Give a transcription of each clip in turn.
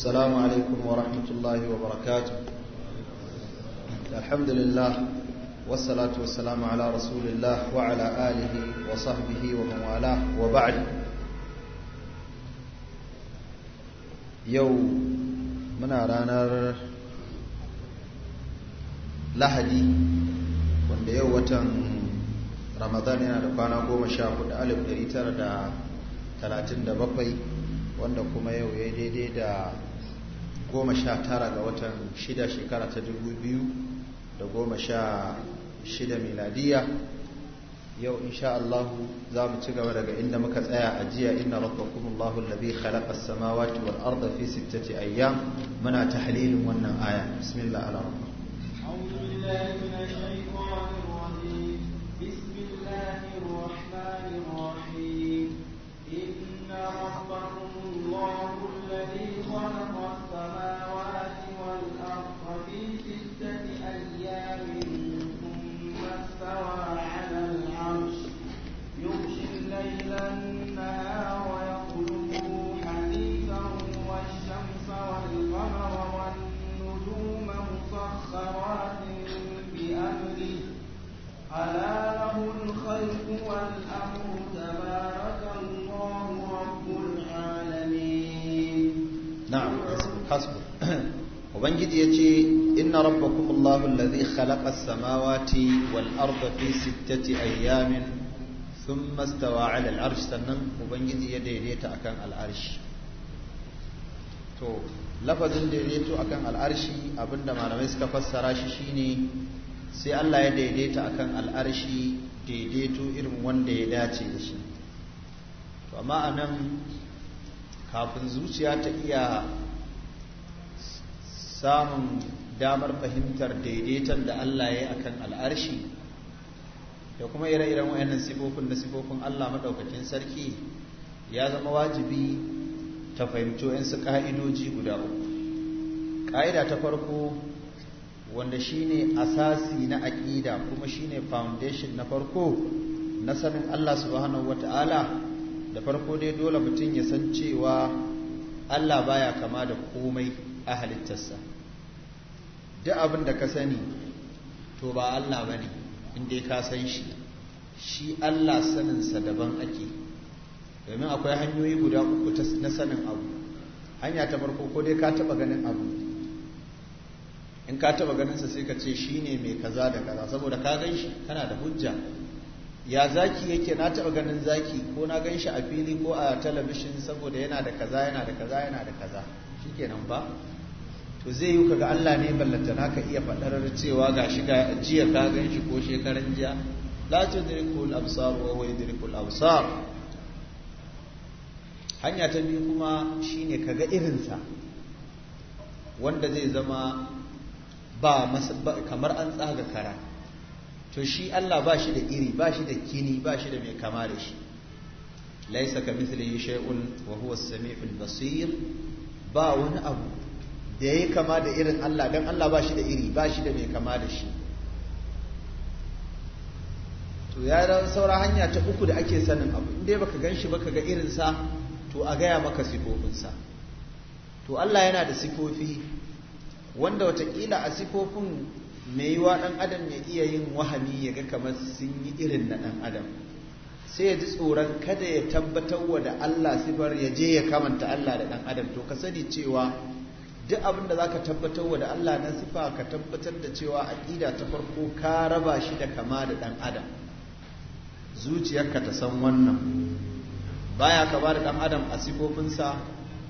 السلام عليكم ورحمة الله وبركاته الحمد لله والصلاة والسلام على رسول الله وعلى آله وصحبه ومن والاه وبعد يو من رانر lahadi wanda yau watan ramadan yana da kwana goma sha hudu alif ɗari tara da talatin da bakwai wanda kuma yau ya daidai da goma sha tara ga watan shida shekara ta dubu biyu da goma sha shida miladiya yau insha allahu za mu ci gaba daga inda muka tsaya a jiya inna rabbakum Allahu alladhi khalaqa as-samawati wal arda fi sittati ayyam muna tahlilin wannan aya bismillah ala rabbik a'udhu billahi minash ubangiji ya ce inna rabbakum allahu alladhi khalaqa samawati wal arda fi sittati ayyamin thumma istawa 'ala al-'arsh sannan ubangiji ya daidaita akan al-arsh to lafazin daidaito akan al abinda malamai suka fassara shi shine sai Allah ya daidaita akan al daidaito irin wanda ya dace da shi to amma anan kafin zuciya ta iya samun damar fahimtar daidaiton da Allah ya yi a kan al'arshi da kuma ire-iren wayannan sifofin da sifofin Allah maɗaukakin sarki ya zama wajibi ta fahimci su ƙa'idoji guda uku ƙa'ida ta farko wanda shi ne asasi na aƙida kuma shi ne foundation na farko na sanin Allah subhanahu wata'ala da farko dai dole mutum ya san cewa Allah baya kama da komai a halittarsa duk abin da ka sani to ba Allah bane inda ka san shi shi Allah saninsa daban ake domin akwai hanyoyi guda uku na sanin abu hanya ta farko ko dai ka taba ganin abu in ka taba ganinsa sai ka ce shi ne mai kaza da kaza saboda ka gan shi kana da hujja ya zaki yake na taba ganin zaki ko na gan shi a fili ko a talabishin saboda yana da kaza yana da kaza yana da kaza shikenan ba to zai yi kaga Allah ne ballanta ka iya fadar cewa ga shi ga jiya ka gan shi ko shekaran jiya la tudrikul absar wa huwa yudrikul absar hanya ta biyu kuma shine kaga sa. wanda zai zama ba kamar an tsaga kara to shi Allah ba shi da iri ba shi da kini ba shi da mai kama da shi laisa ka mithlihi shay'un wa huwa as-sami'ul basir ba wani abu da ya yi kama da irin Allah don Allah ba shi da iri ba shi da mai kama da shi to ya yi saura hanya ta uku da ake sanin abu in dai baka gan shi baka ga irinsa to a gaya maka sifofinsa to Allah yana da sifofi wanda watakila a sifofin mai yiwa ɗan adam ya iya yin wahami ya ga kamar sun yi irin na ɗan adam sai ya ji tsoron kada ya tabbatar wa da Allah sifar ya je ya kamanta Allah da ɗan adam to ka sani cewa duk abin da zaka tabbatar wa da Allah na sifa ka tabbatar da cewa aƙida ta farko ka raba shi da kama da ɗan adam zuciyarka ta san wannan baya kama da ɗan adam a sifofinsa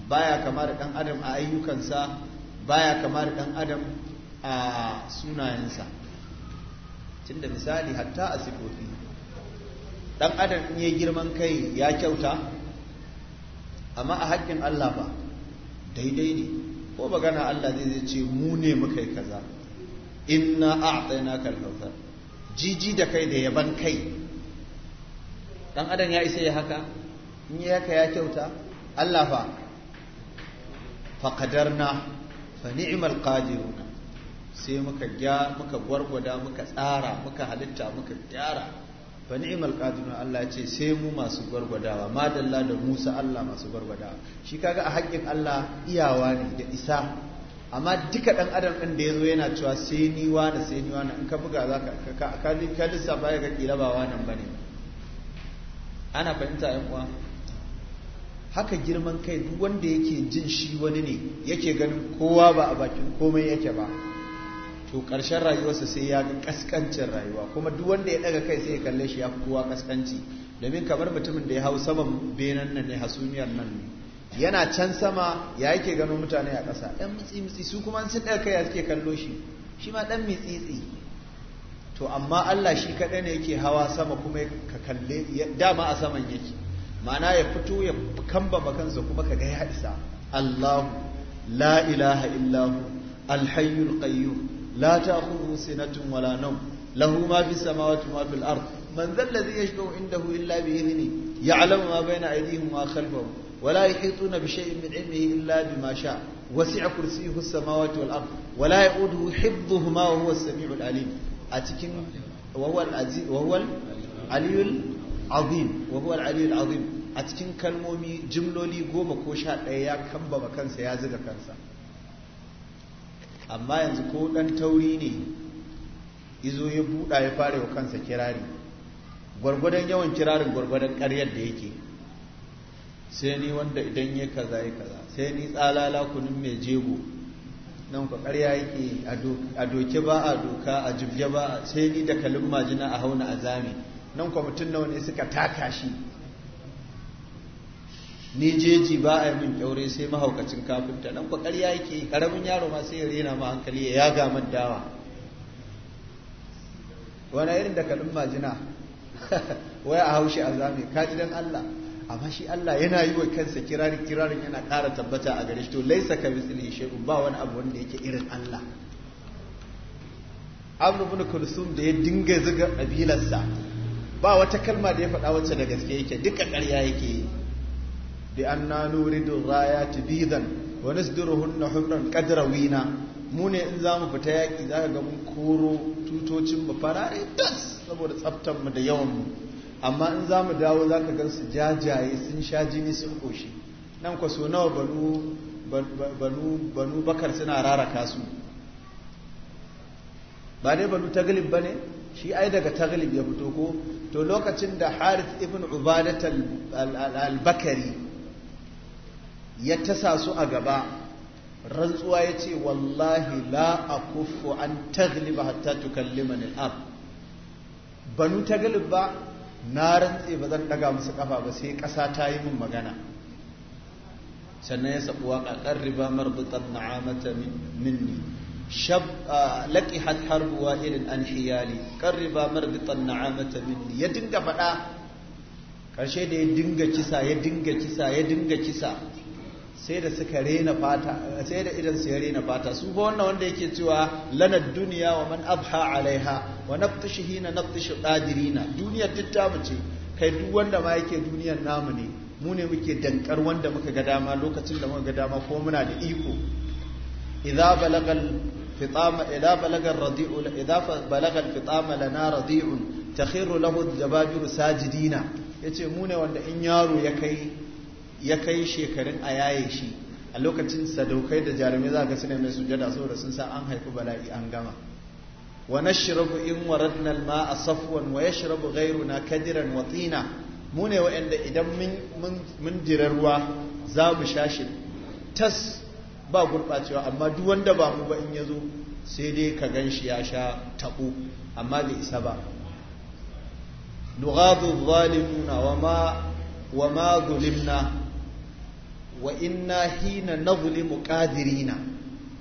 baya kama da ɗan adam a ayyukansa baya kama da ɗan adam a sunayensa tunda misali hatta a sifofi ɗan adam in ya girman kai ya kyauta amma a haƙƙin Allah ba daidai ne ko magana Allah zai ce mu ne muka yi kaza inna a'tayna kal kautsar jiji da kai da yaban kai dan adam ya isa ya haka in ya haka ya kyauta Allah fa na fa ni'mal qadiruna sai muka gya muka gwargwada muka tsara muka halitta muka gyara fa ni'mal qadirun Allah ce sai mu masu gwargwadawa madalla da Musa Allah masu gwargwadawa shi kaga a haƙƙin Allah iyawa ne da isa amma duka dan adam din da yazo yana cewa sai ni wani sai ni wani in ka buga zaka ka ka ka baya ga kila ba nan bane ana fahimta yan uwa haka girman kai duk wanda yake jin shi wani ne yake ganin kowa ba a bakin komai yake ba to ƙarshen rayuwarsa sai ya ga kaskancin rayuwa kuma duk wanda ya ɗaga kai sai ya kalle shi ya fi kowa kaskanci domin kamar mutumin da ya hau saman benan nan ne hasumiyar nan ne yana can sama ya yake gano mutane a ƙasa ɗan mitsi-mitsi su kuma sun ɗaga kai ya suke kallo shi shi ma ɗan mitsitsi to amma Allah shi kaɗai ne yake hawa sama kuma ka kalle dama a saman yake ma'ana ya fito ya kamba kansa kuma ka ga ya isa Allahu la ilaha illahu alhayyul qayyum لا تأخذه سنة ولا نوم له ما في السماوات وما في الأرض من ذا الذي يشفع عنده إلا بإذنه يعلم ما بين أيديهم وما خلفهم ولا يحيطون بشيء من علمه إلا بما شاء وسع كرسيه السماوات والأرض ولا يؤوده حفظهما وهو السميع العليم أتكن وهو العزيز وهو العلي العظيم وهو العلي العظيم أتكن كلمومي جملولي قوم كوشات إياك كمبا كنسا يازد كنسا amma yanzu ko ɗan tauri ne izo ya buɗa ya fara wa kansa kirari gwargwadon yawan kirarin gwargwadon ƙaryar da yake sai ni wanda idan ya kaza ya kaza sai ni tsalala kunun mai jego nan ku ƙarya yake a doke ba a doka a jibge ba sai ni da kalin majina a hauna a zami nan kwa mutum nawa ne suka taka shi ni jeji ba a yi min kyaure sai mahaukacin kafinta nan ba ya yake ƙaramin yaro ma sai ya rena ma hankali ya yaga man dawa wani irin da kaɗin majina waya a haushi a zame kaji dan Allah amma shi Allah yana yi wa kansa kirarin kirarin yana ƙara tabbata a gare shi to laisa ka mislihi shay'un ba wani abu wanda yake irin Allah Abu ibn Kulsum da ya dinga zuga abilarsa ba wata kalma da ya faɗa wacce da gaske yake duka ƙarya yake yi بأننا نورد الرايات بيضا bidan حمرا قدر وينا mune mu ne in za mu fita yaƙi za ka ga mun koro tutocin mu farare tas saboda tsaftar mu da yawan mu amma in za mu dawo za ka gansu jajaye sun sha jini sun koshi nan kwa so nawa banu banu banu bakar suna raraka su ba dai banu taglib ba ne shi ai daga taglib ya fito ko to lokacin da harith ibn ubadat al-bakari ya tasa su a gaba rantsuwa ya ce wallahi la a kufu an tagliba hatta tukalliman al'ab banu ta ba na rantse ba zan daga musu kafa ba sai ƙasa ta yi min magana sannan ya sabu waƙa ƙarriba marbutar na'amata minni Laƙi har buwa irin an hiyali ƙarriba marbutar na'amata minni ya dinga faɗa ƙarshe da ya dinga kisa ya dinga kisa ya dinga kisa sai da suka rena fata sai da idan su ya rena fata su ba wannan wanda yake cewa lanad duniya wa man abha alaiha wa hina naftishu qadirina duniya titta mu ce kai duk wanda ma yake duniyar namu ne mu ne muke dankar wanda muka ga dama lokacin da muka ga dama ko muna da iko idza balagal fitama idza balagal radi'u idza balagal fitama lana radiu takhiru lahu sajidina yace mu ne wanda in yaro ya kai ya kai shekarun a yaye shi a lokacin sadaukai da jarumai za ka suna mai sujada saboda sun sa an haifi bala'i an gama wa nashrabu in waradna al a safwan wa yashrabu ghayruna kadiran wa tina mu ne wa'anda idan mun mun ruwa za mu sha shi tas ba gurɓacewa amma duk wanda ba mu ba in ya zo sai dai ka gan shi ya sha taɓo amma bai isa ba nughadu zalimuna wa ma wa ma zulimna wa inna hina mu qadirina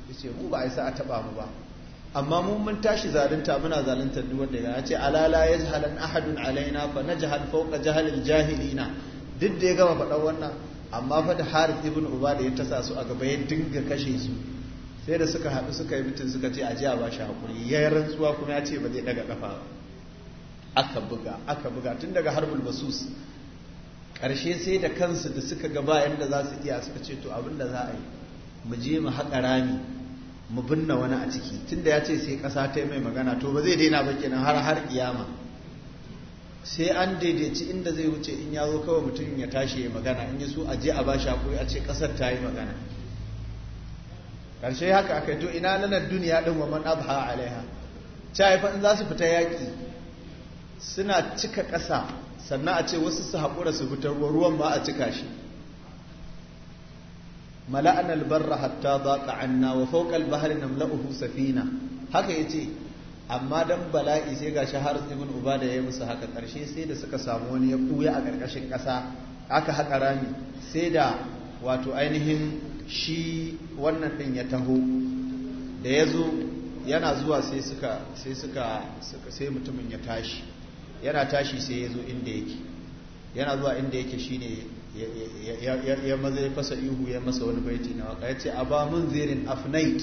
yace mu ba a isa a taba mu ba amma mun mun tashi zalunta muna zalunta duk wanda ya ce alala yazhalan ahadun alaina fa najhal fawqa jahalil jahilina duk da ya gama faɗan wannan amma fa da Harith ibn da ya tasa su a gaba ya dinga kashe su sai da suka haɗu suka yi mutum suka ce ajiya ba shi hakuri ya rantsuwa kuma ya ce ba zai daga kafa ba aka buga aka buga tun daga harbul basus ƙarshe sai da kansu da suka gaba yadda za su iya suka ce to abin da za a yi mu je mu haƙa rami mu binne wani a ciki tunda ya ce sai ƙasa ta yi mai magana to ba zai daina ba kenan har har kiyama sai an daidaici inda zai wuce in ya zo kawai mutum ya tashi ya magana in ya so a je a ba shi a ce ƙasar ta yi magana ƙarshe haka aka to ina lanar duniya ɗin wa man abha alaiha ta haifa in za su fita yaƙi suna cika ƙasa sannan a ce wasu su haƙura su fitar ruwan ba a cika shi mala'an albarra hatta zaƙa anna wa fauƙal bahari namla'uhu safina haka ya ce amma don bala'i sai ga shahar ibn uba da ya musu haka ƙarshe sai da suka samu wani ya ɓuya a ƙarƙashin ƙasa aka haƙa rami sai da wato ainihin shi wannan ɗin ya taho da ya zo yana zuwa sai mutumin ya tashi yana tashi sai ya zo inda yake yana zuwa inda yake shi ne ya maza ya fasa ihu ya masa wani baiti na waka ya ce a ba mun zirin afnait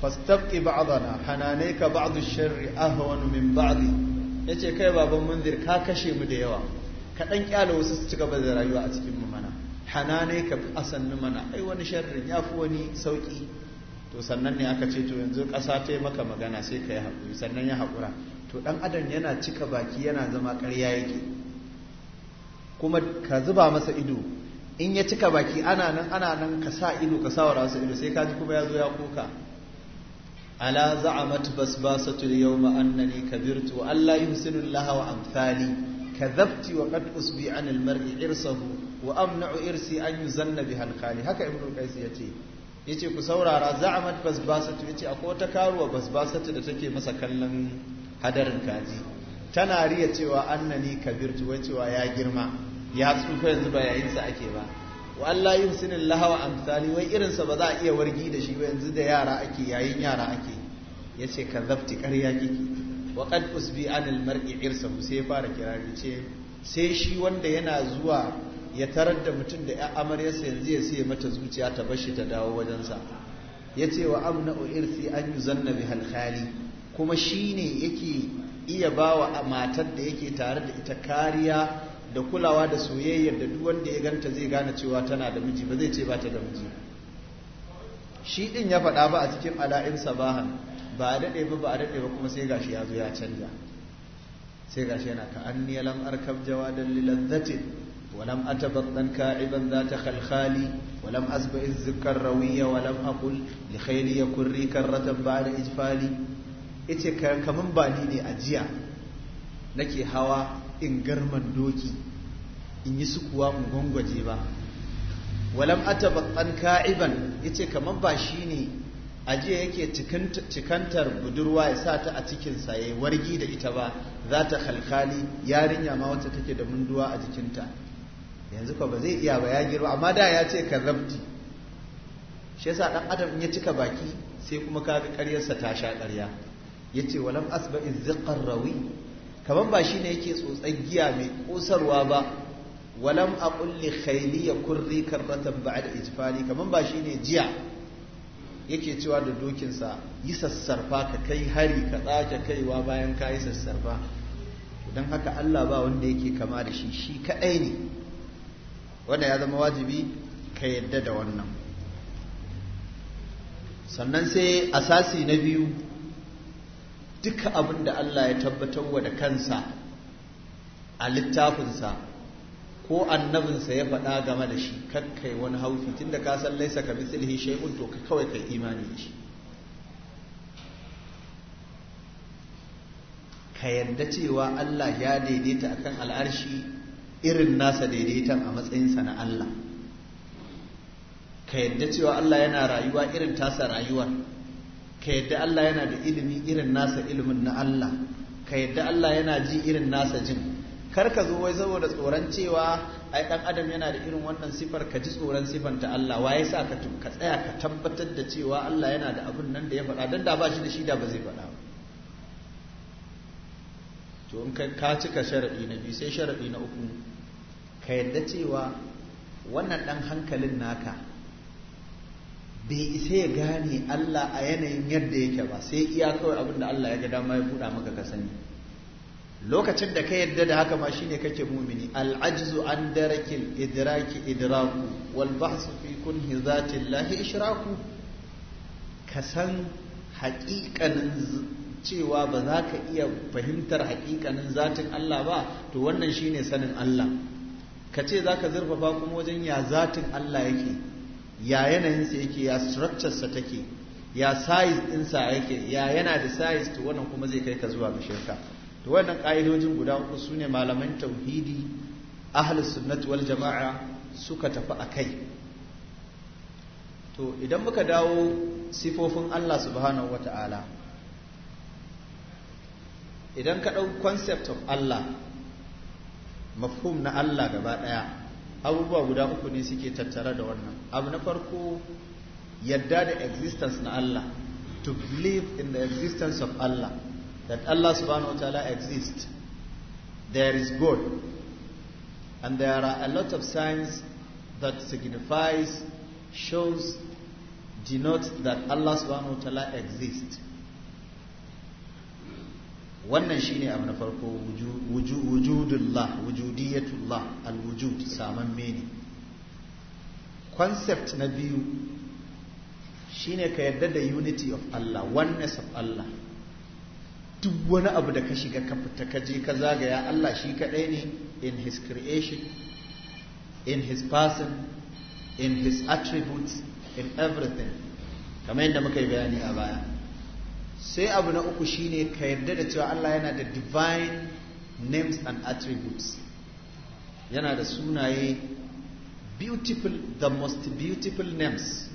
fastabqi ba'dana hananaika ba'd ash-sharri ahwan min ba'd yace kai baban munzir ka kashe mu da yawa ka dan kyale wasu su cigaba da rayuwa a cikin mu mana hanane ka bi asannu mana ai wani ya fi wani sauki to sannan ne aka ce to yanzu kasa ta yi maka magana sai ka yi haƙuri sannan ya haƙura to dan adam yana cika baki yana zama ƙarya yake kuma ka zuba masa ido in ya cika baki ana nan ana nan ka sa ido ka sawara ra'su ido sai ka ji kuma ya zo ya koka ala za'amat basbasatul yawma annani kabirtu wa yi yuhsinu laha wa amthali kadhabti wa qad usbi an al mar'i irsahu wa amna'u irsi an yuzanna biha al haka ibnu qais yace yace ku saurara za'amat basbasatu yace akwai wata karuwa basbasatu da take masa kallon hadarin kaji tana riya cewa annani kabir tuwa cewa ya girma ya tsufa yanzu ba yayin sa ake ba wa Allah lahawa amsali wai irin sa ba za a iya wargi da shi ba yanzu da yara ake yayin yara ake yace kazabti ƙarya kiki wa qad usbi anil mar'i irsahu sai fara kirari ce sai shi wanda yana zuwa ya tarar da mutum da ya amaryarsa yanzu ya sai mata zuciya ta bashi ta dawo wajensa ya ce wa amna irsi an yi zanna bi halkali. kuma shi ne yake iya ba wa matar da yake tare da ita kariya da kulawa da soyayyar da duk wanda ya ganta zai gane cewa tana da miji ba zai ce ba ta da miji shi din ya faɗa ba a cikin ala'in sabahan ba a daɗe ba ba a daɗe ba kuma sai gashi ya zo ya canja sai gashi yana ka an niya lam arkab jawadan lilazzatin ولم أتبطن كاعبا ذات خلخالي ولم أسبئ الذكر روية ولم أقل لخيلي kurri ري كرة بعد إجفالي yace ce ba ni ne a jiya nake hawa in garman doki in yi sukuwa mu gwangwaje ba walam atabaqan ka'iban ce kaman ba shi ne a jiya yake cikantar budurwa ya sa ta a cikin ya yi wargi da ita ba za ta halkali yarinya ma wacce take da munduwa a jikinta yanzu ko ba zai iya ba ya girma amma da ya ce ka karrabti shi yasa dan adam in ya cika baki sai kuma kaga ƙaryarsa ta sha ƙarya yace walam asba izqar rawi kamar ba shine yake tsotsar giya mai kosarwa ba walam aqul li khayli yakurri karratan da ijfali kamar ba shine jiya yake cewa da dokinsa yi sassarfa ka kai hari ka tsake kaiwa bayan ka yi sassarfa don haka Allah ba wanda yake kama da shi shi kaɗai ne wanda ya zama wajibi ka yadda da wannan sannan sai a asasi na biyu duka abin da Allah ya tabbatar wa da kansa a littafinsa ko annabinsa ya faɗa game da shi kakkai wani haufi tun da ka laisa ka bi mislihi shaikun to ka kawai kai imani shi ka yarda cewa Allah ya daidaita akan al'arshi irin nasa daidaitan a matsayinsa na Allah ka yarda cewa Allah yana rayuwa irin tasa rayuwar ka yadda Allah yana da ilimi irin nasa ilimin na Allah ka yadda Allah yana ji irin nasa jin kar ka zo wai saboda tsoron cewa ai dan adam yana da irin wannan sifar ka ji tsoron sifar ta Allah waye sa ka ka tsaya ka tabbatar da cewa Allah yana da abun nan da ya faɗa dan da ba shi da shi da ba zai faɗa ba. to in ka cika sharadi na biyu sai sharadi na uku ka yadda cewa wannan dan hankalin naka bai isa ya gane Allah a yanayin yadda yake ba sai iya kawai abin da Allah ya ga dama ya buɗa maka ka sani lokacin da ka yadda da haka ma shine kake mumini al'ajzu an darakil idraki idraku wal bahsu fi kunhi zati lahi ishraku ka san haƙiƙanin cewa ba za ka iya fahimtar haƙiƙanin zatin Allah ba to wannan shine sanin Allah ka ce za ka zurfafa kuma wajen ya zatin Allah yake ya yanayinsa yake ya structuresa take ya size ɗinsa yake ya yana da size to wannan kuma zai kai ka zuwa ga shirka to wannan ƙa'idojin guda uku su malaman tauhidi ahlus sunnati wal jama'a suka tafi a kai to idan muka dawo sifofin Allah subhanahu wa idan ka ɗau concept of Allah mafhum na Allah gaba ɗaya abubuwa guda uku ne suke tattare da wannan abu na farko yadda da existence na Allah to believe in the existence of Allah that Allah subhanahu wa ta'ala exists there is God and there are a lot of signs that signifies shows denotes that Allah subhanahu wa ta'ala exists wannan shine abu na farko wujudullah wujudiyatullah alwujud saman mene concept na biyu shine ka yarda da unity of Allah oneness of Allah duk wani abu da ka shiga ka fita ka je ka zagaya Allah shi kadai ne in his creation in his person in his attributes in everything kamar yadda muka yi bayani a baya sai abu na uku shine ka yarda da cewa Allah yana da divine names and attributes yana da sunaye beautiful the most beautiful names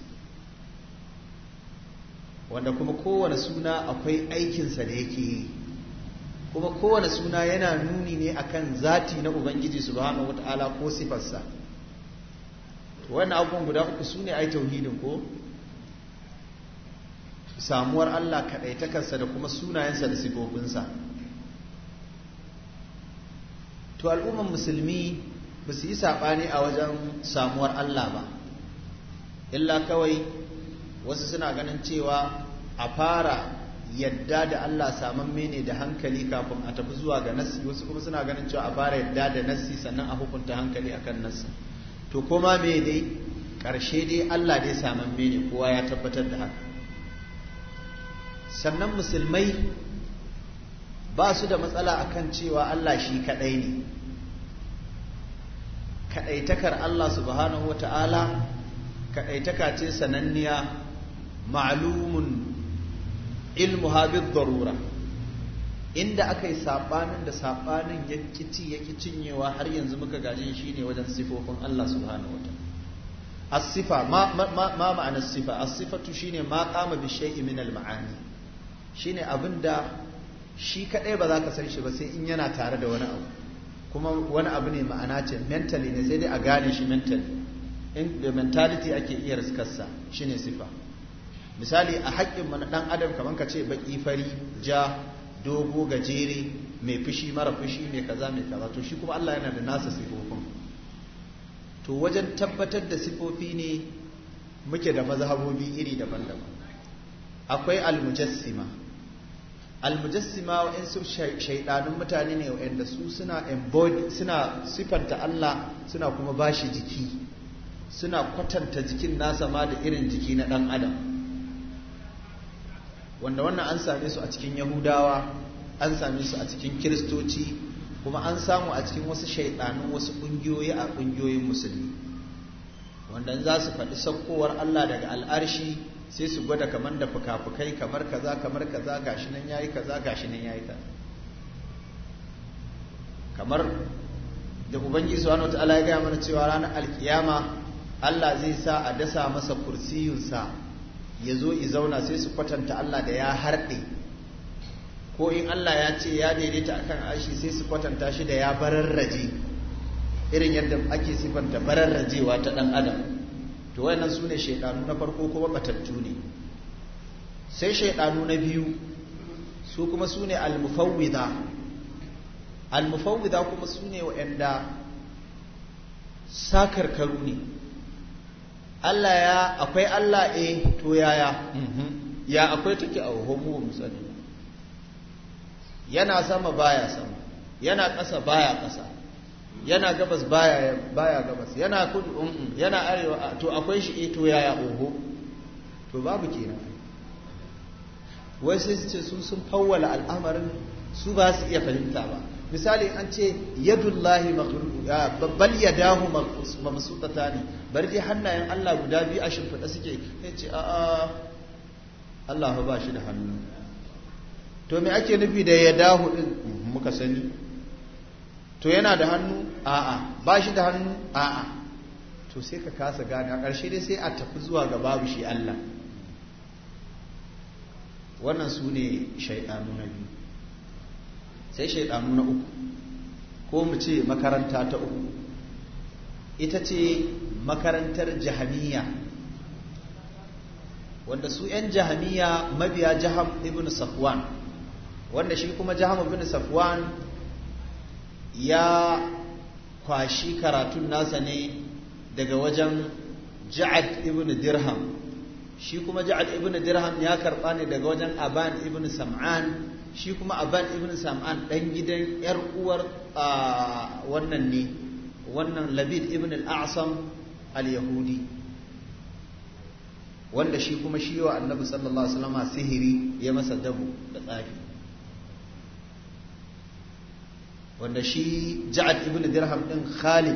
wanda kuma kowane suna akwai aikinsa da yake yi kuma kowane suna yana nuni ne akan zati na ubangiji subhanahu wata'ala ko sifarsa wannan abubuwan guda uku su ne ai tauhidin ko samuwar Allah kaɗaitakarsa da kuma sunayensa da sifofinsa to al'umman musulmi ba su yi saɓani a wajen samuwar Allah ba illa kawai wasu suna ganin cewa a fara yadda da Allah samamme ne da hankali kafin a tafi zuwa ga nassi wasu kuma suna ganin cewa a fara yadda da nassi sannan a hukunta hankali akan nassi to koma me dai ƙarshe dai Allah dai samamme ne kowa ya tabbatar da haka sannan musulmai ba su da matsala a kan cewa Allah shi kaɗai ne kaɗaitakar Allah subhanahu wa ta'ala kaɗaitaka ce sananniya ma'alumun ilmu habib darura inda aka yi saɓanin da saɓanin ya kici ya cinyewa har yanzu muka gaji shi ne wajen sifofin Allah subhanahu wa ta'ala as-sifa ma ma'ana sifa as-sifatu shine ma qama bi shay'in min maani shi ne abin da shi kaɗai ba za ka san shi ba sai in yana tare da wani abu kuma wani abu ne ma'ana ce mentally ne sai dai a gane shi mentally in da mentality ake iya riskarsa ne sifa misali a haƙƙin mana ɗan adam kamar ka ce baƙi fari ja dogo gajere mai fushi mara fushi mai kaza mai kaza to shi kuma Allah yana da nasa sifofin to wajen tabbatar da sifofi ne muke da mazhabobi iri daban-daban akwai al-mujad almujassima almujassima wa'insu shaiɗanun mutane ne wa'inda su suna embody suna sifanta Allah suna kuma bashi jiki suna kwatanta jikin nasa ma da irin jiki na dan adam wanda wannan an same su a cikin yahudawa an same su a cikin kiristoci kuma an samu a cikin wasu shaiɗanun wasu kungiyoyi a ƙungiyoyin musulmi wanda za su faɗi saukowar Allah daga al'arshi sai su gwada kamar da fuka kamar kaza kamar kaza gashi nan yayi kaza gashi nan yayi kaza kamar da ubangiji subhanahu wataala ya gaya mana cewa ranar alkiyama Allah zai sa a dasa masa kursiyunsa ya zo i zauna sai su kwatanta Allah da ya harɗe ko in Allah ya ce ya daidaita akan ashi sai su kwatanta shi da ya bararraje irin yadda ake sifanta bararrajewa ta ɗan adam to wayannan su sune shaidanu na farko kuma batattu ne sai shaidanu na biyu su kuma sune al-mufawwida al-mufawwida kuma sune ne waɗanda sakarkaru ne Allah ya akwai Allah eh to yaya mm-hmm. ya akwai take a mu musali yana sama baya sama yana ƙasa baya ƙasa yana gabas baya gabas yana kudu um yana arewa to akwai shi eh, to yaya oho to babu kenan wasu sai ce su sun fawwala al'amarin su ba su iya fahimta ba misali an ce yadullahi bal yadahu mabsutata ne bari dai hannayen Allah guda biyu a shimfiɗa suke sai ce a'a Allah ba shi da hannu to me ake nufi da yadahu din muka sani to yana da hannu a'a ba shi da hannu a'a to sai ka kasa gane a ƙarshe dai sai a tafi zuwa ga babu shi Allah wannan su ne shaiɗanu na biyu sai shaiɗanu na uku ko mu ce makaranta ta uku ita ce makarantar jahamiya wanda su 'yan jahamiya mabiya jaham ibn safwan wanda shi kuma jaham ibn safwan ya kwashi karatun nasa ne daga wajen ja'ad ibn dirham shi kuma ja'ad ibn dirham ya karba ne daga wajen aban ibn sam'an shi kuma aban ibn sam'an dan gidan yar uwar wannan ne wannan labid ibn al-a'sam al-yahudi wanda shi kuma shi wa annabi sallallahu alaihi wasallam sihiri ya masa dabu da tsafi wanda shi ja'ad ibn dirham din khalid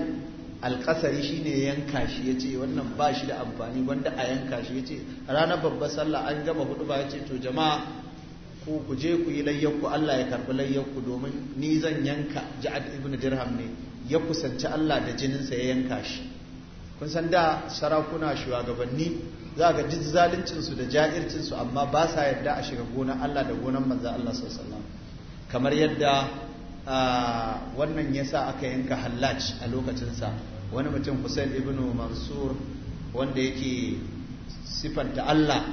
alkasari shine yanka shi yace wannan ba shi da amfani wanda a yanka shi yace ranar babbar sallah an gama hudu ba yace to jama'a ku ku je ku yi layyanku Allah ya karbi layyanku domin ni zan yanka ja'ad ibn dirham ne ya kusanci Allah da jininsa ya yanka shi kun san da sarakuna shugabanni za ga duk zaluncinsu da ja'ircinsu amma ba sa yarda a shiga gona Allah da gonar manzo Allah sallallahu alaihi wasallam kamar yadda Ah, wannan ya sa aka yanka hallaj a lokacinsa wani mutum hussein ibn mansur wanda yake sifanta allah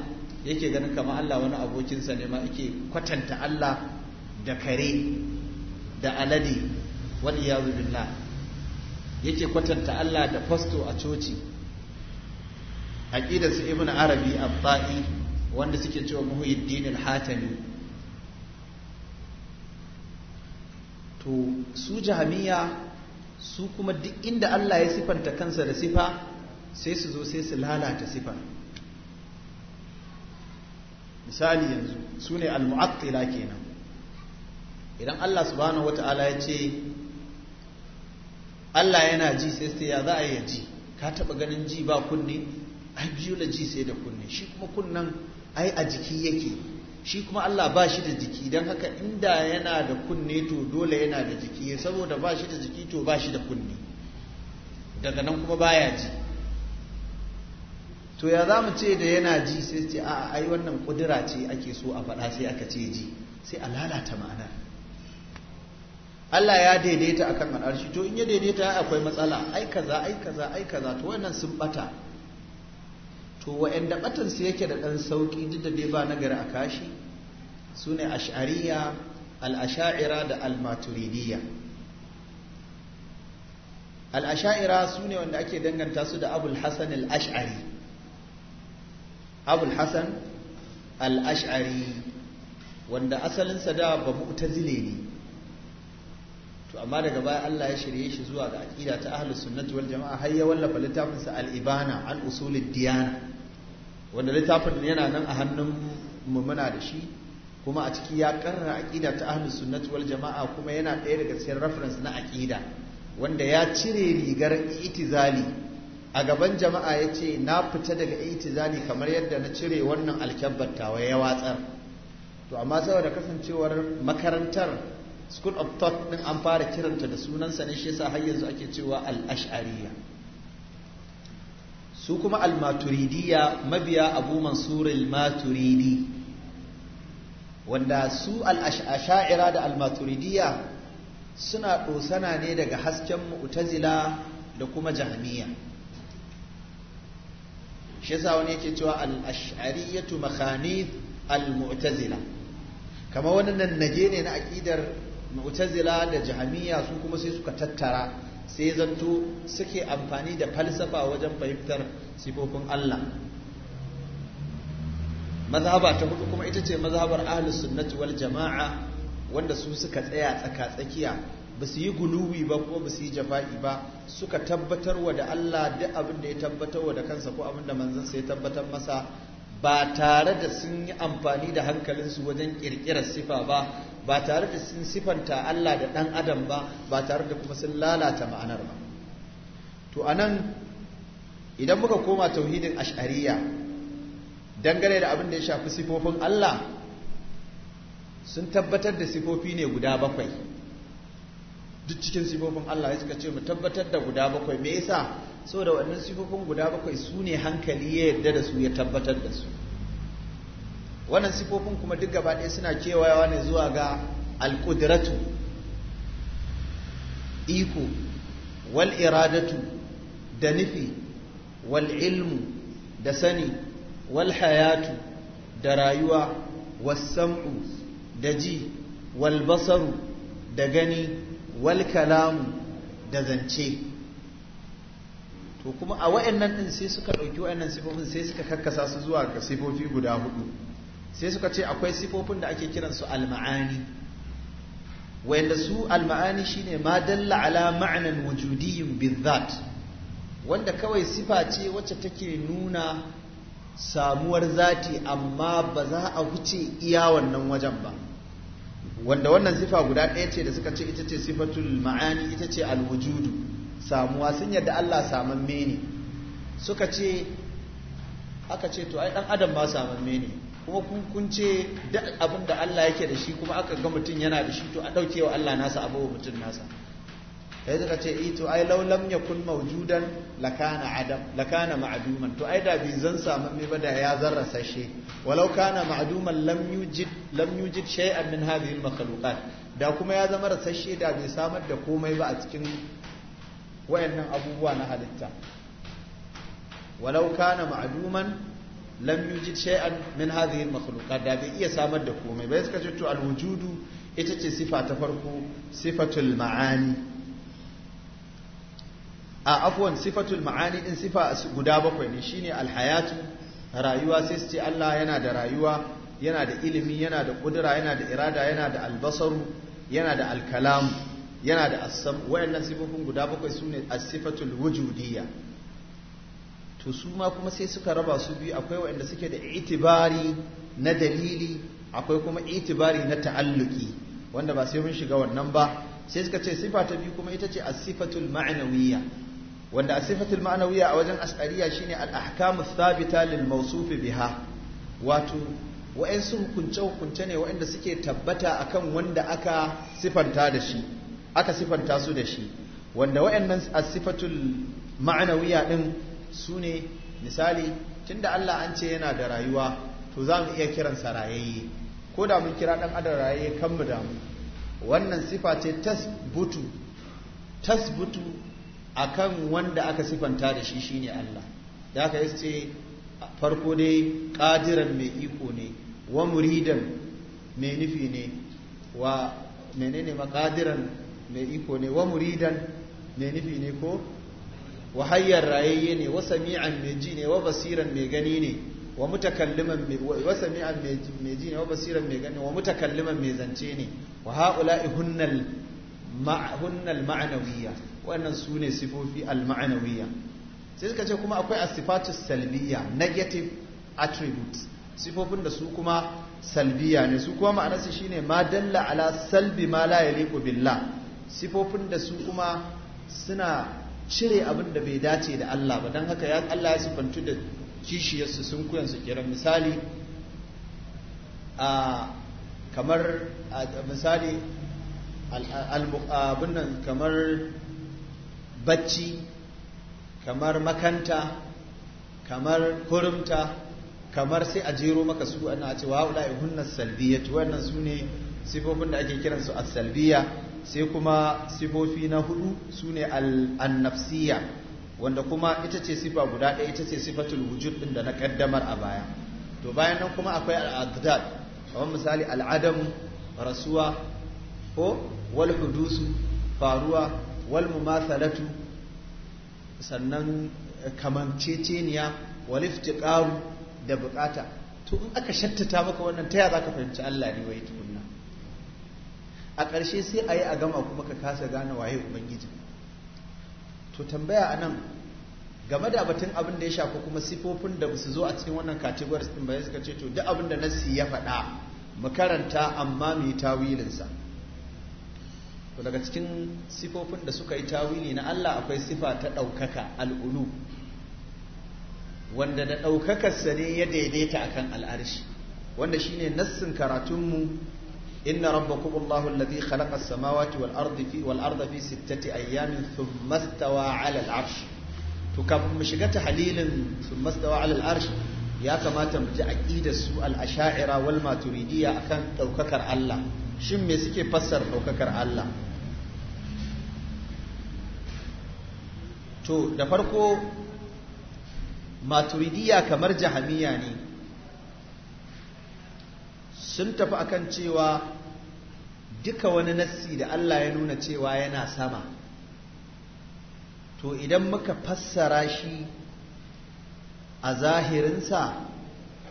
yake ganin kama allah wani abokinsa ne ma yake kwatanta allah da kare da alade wani ya billah yake kwatanta allah da fasto a coci A aƙidarsa ibn arabi abba'i wanda suke cewa muhyiddin al hatani. to su jahamiya su kuma duk inda Allah ya sifanta kansa da sifa sai su zo sai su lalata sifa misali yanzu su ne al-mu'attila kenan idan Allah subhanahu wata'ala ya ce Allah yana ji sai sai ya za a yi ji ka taba ganin ji ba kunne ai biyu da ji sai da kunne shi kuma kunnan ai a jiki yake shi kuma Allah ba shi da jiki don haka inda yana da kunne to dole yana da jiki saboda ba shi da jiki to ba shi da kunne daga nan kuma baya ji to ya za mu ce da yana ji sai ce a ai wannan kudura ce ake so a faɗa sai aka ce ji sai a lalata ma'ana Allah ya daidaita akan al'arshi to in ya daidaita akwai matsala ai kaza ai kaza ai kaza to wannan sun bata to wa'anda batansu yake da ɗan sauƙi duk da dai ba gari a kashi su ne ash'ariya al'asha'ira da al-maturidiyya al'asha'ira su ne wanda ake danganta su da abul hasan al'ash'ari abul hasan ashari wanda asalinsa da ba zile ne to amma daga baya Allah ya shirye shi zuwa ga aqida ta ahlus sunnati wal jamaa har ya wallafa littafinsa al-ibana an usulid diyana wanda littafin yana nan a hannun mu muna da shi kuma a ciki ya karra aqida ta ahlus sunnah wal jamaa kuma yana ɗaya daga cikin reference na aqida wanda ya cire rigar itizali a gaban jama'a ya ce na fita daga itizali kamar yadda na cire wannan alkyabbar ya watsar to amma saboda kasancewar makarantar school of thought din an fara kiranta da sunansa ne shi yasa har yanzu ake cewa al-ash'ariyya su kuma almaturidiya mabiya abu mansur maturidi wanda su al'asha'ira da almaturidiya suna ɗosana ne daga hasken mu'tazila da kuma jahmiya shi yasa wani yake cewa al'ash'ariyatu makhanif al-mu'tazila kamar wani nannaje ne na aƙidar mu'tazila da jahmiya su kuma sai suka tattara sai zanto suke amfani da falsafa wajen fahimtar sifofin Allah mazhaba ta hudu kuma ita ce mazhabar ahlus sunnati wal jama'a wanda su suka tsaya tsaka tsakiya ba su yi guluwi ba ko ba su yi jafa'i ba suka tabbatar wa da Allah duk abin da ya tabbatar wa da kansa ko abin da manzansa ya tabbatar masa ba tare da sun yi amfani da hankalinsu wajen ƙirƙirar sifa ba ba tare da sun sifanta Allah da ɗan adam ba ba tare da kuma sun lalata ma'anar ba to a nan idan muka koma tauhidin ash'ariya dangane da abin da ya shafi sifofin Allah sun tabbatar da sifofi ne guda bakwai duk cikin sifofin Allah ya suka ce mu tabbatar da guda bakwai me yasa so da wannan sifofin guda bakwai su ne hankali ya yarda da su ya tabbatar da su wannan sifofin kuma duk gaba ɗaya suna cewa yawa ne zuwa ga alƙudratu iko wal iradatu da nufi wal ilmu da sani wal hayatu da rayuwa wal sam'u da ji wal basaru da gani wal kalamu da zance to kuma a wa'annan din sai suka ɗauki wa'annan sifofin sai suka karkasa su zuwa ga sifofi guda hudu sai suka ce akwai sifofin da ake kiran kiransu alma'ani wanda su alma'ani shine ma dalla ala ma'anan wujudiyyin bizat wanda kawai sifa ce wacce take nuna samuwar zati amma ba za a wuce iya wannan wajen ba wanda wannan sifa guda ɗaya ce da suka ce ita ce sifatul ma'ani ita ce alwujudu samuwa sun yadda Allah saman ne suka ce aka ce to ai dan adam ma saman ne kuma kun kun ce duk abin da Allah yake da shi kuma aka ga mutum yana da shi to a ɗauke wa Allah nasa abu mutum nasa sai suka ce eh to ai law lam yakun mawjudan lakana adam lakana ma'duman to ai da bi zan me ba da ya zarra sashe walau kana ma'duman lam yujid lam yujid shay'an min hadhihi al-makhluqat da kuma ya zama rasashe da bai samar da komai ba a cikin wayannan abubuwa na halitta walau kana ma'aduman lam yujid shay'an min hadhihi al-makhluqat da bai iya samar da komai bai suka ce to al-wujudu ita ce sifa ta farko sifatul ma'ani a afwan sifatul ma'ani din sifa guda bakwai ne shine al-hayatu rayuwa sai su ce Allah yana da rayuwa yana da ilimi yana da kudura yana da irada yana da albasaru yana da alkalamu yana da asam wayannan sifofin guda bakwai sune asifatul wujudiyya to su ma kuma sai suka raba su biyu akwai wayanda suke da itibari na dalili akwai kuma itibari na ta'alluki wanda ba sai mun shiga wannan ba sai suka ce sifa ta biyu kuma ita ce asifatul sifatul ma'nawiyya wanda asifatul sifatul ma'nawiyya a wajen askariya shine al-ahkamu thabita lil mawsuf biha wato wa'ansu hukunce hukunce ne wa'anda suke tabbata akan wanda aka sifanta da shi aka sifanta su da shi wanda wa'annan asifatul ma'anawiya din su ne misali tunda Allah an ce yana da rayuwa to za mu iya kiransa rayayye ko da mun kira dan adam rayayye kan mu mu wannan sifa ce tasbutu tasbutu akan wanda aka sifanta da shi shine Allah da aka yace farko dai qadiran mai iko ne wa muridan mai nufi ne wa menene makadiran mai iko ne wa muridan mai nufi ne ko wa hayyar rayayye ne wa sami'an mai ji ne wa basiran mai gani ne wa mutakalliman wa sami'an mai ji ne wa basiran mai gani wa mutakalliman mai zance ne wa haula'i hunnal hunnal ma'nawiyya wannan su ne sifofi al ma'nawiyya sai suka ce kuma akwai asifatu salbiya negative attributes sifofin da su kuma salbiya ne su kuma ma'anarsa shine ma dalla ala salbi ma la yaliqu billah sifofin da su kuma suna cire abin da bai dace da Allah ba don haka ya Allah ya sifantu da kishiyarsu sun su kiran misali a kamar misali abin nan kamar bacci kamar makanta kamar kurumta kamar sai a jero maka su ana cewa haula hunnas salbiyatu wannan sune sifofin da ake kiransu a salbiya sai kuma sifofi na hudu su ne annafsiya wanda kuma ita ce sifa guda ɗaya ita ce sifatul wujud ɗin da na ƙaddamar a baya to bayan nan kuma akwai al'adad kamar misali al'adam rasuwa ko wal hudusu faruwa wal mumathalatu sannan kamanceceniya wal iftiqaru da bukata to in aka shattata maka wannan ta ya ka fahimci Allah ne wai tukun a ƙarshe sai a yi a gama kuma ka kasa gane waye ubangiji to tambaya a nan game da batun abin da ya shafi kuma sifofin da su zo a cikin wannan categories din ba suka ce to duk abin da nassi ya faɗa mu karanta amma mu yi tawilinsa to daga cikin sifofin da suka yi tawili na Allah akwai sifa ta ɗaukaka al'ulu wanda da ɗaukakarsa ne ya daidaita akan al'arshi wanda shine nassin karatunmu إن ربكم الله الذي خلق السماوات والأرض في والأرض في ستة أيام ثم استوى على العرش تكم مشقة حليل ثم استوى على العرش يا كما تمجع أكيد سوء الأشاعرة والماتريدية أكن توككر الله شم مسكي بسر توككر الله to da farko maturidiya kamar jahamiya ne sun tafi akan cewa duka wani nassi da Allah ya nuna cewa yana sama to idan muka fassara shi a zahirinsa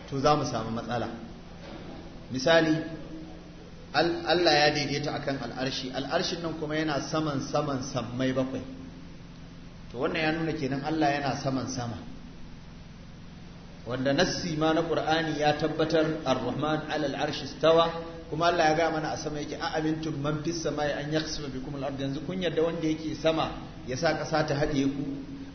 to za mu samu matsala misali Allah ya daidaita akan al'arshi al'arshin nan kuma yana saman saman sammai bakwai to wannan ya nuna kenan Allah yana saman sama wanda nassi ma na qur'ani ya tabbatar ar-rahman alal arshi stawa kuma Allah ya ga mana a sama yake a amintum man fis samai an yakhsifa bikum al-ard yanzu kun yarda wanda yake sama ya sa ƙasa ta haɗe ku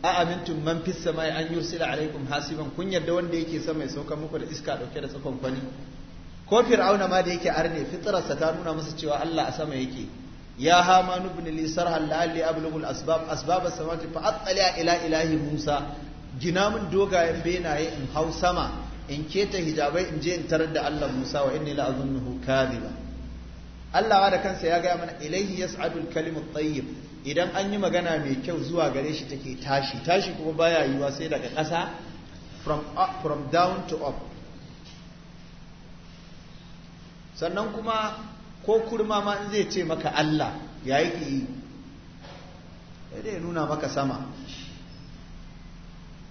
a amintum man fis samai an yursila alaikum hasiban kun yarda wanda yake sama ya sauka muku da iska dauke da tsakon kwani ko fir'auna ma da yake arne fitrarsa ta nuna masa cewa Allah a sama yake ya hamanu ibn li sarhan la'alli ablughu asbab as-samawati fa ila ilahi musa gina min dogayen benaye in hau sama in keta hijabai in je in tarar da Allah Musa wa inni azunnuhu kadiba Allah da kansa ya gaya mana ilaihi yas'adu al-kalimu tayyib idan an yi magana mai kyau zuwa gare shi take tashi tashi kuma baya yiwa sai daga ƙasa from up, from down to up sannan kuma ko kurma ma in zai ce maka Allah ya yi nuna maka sama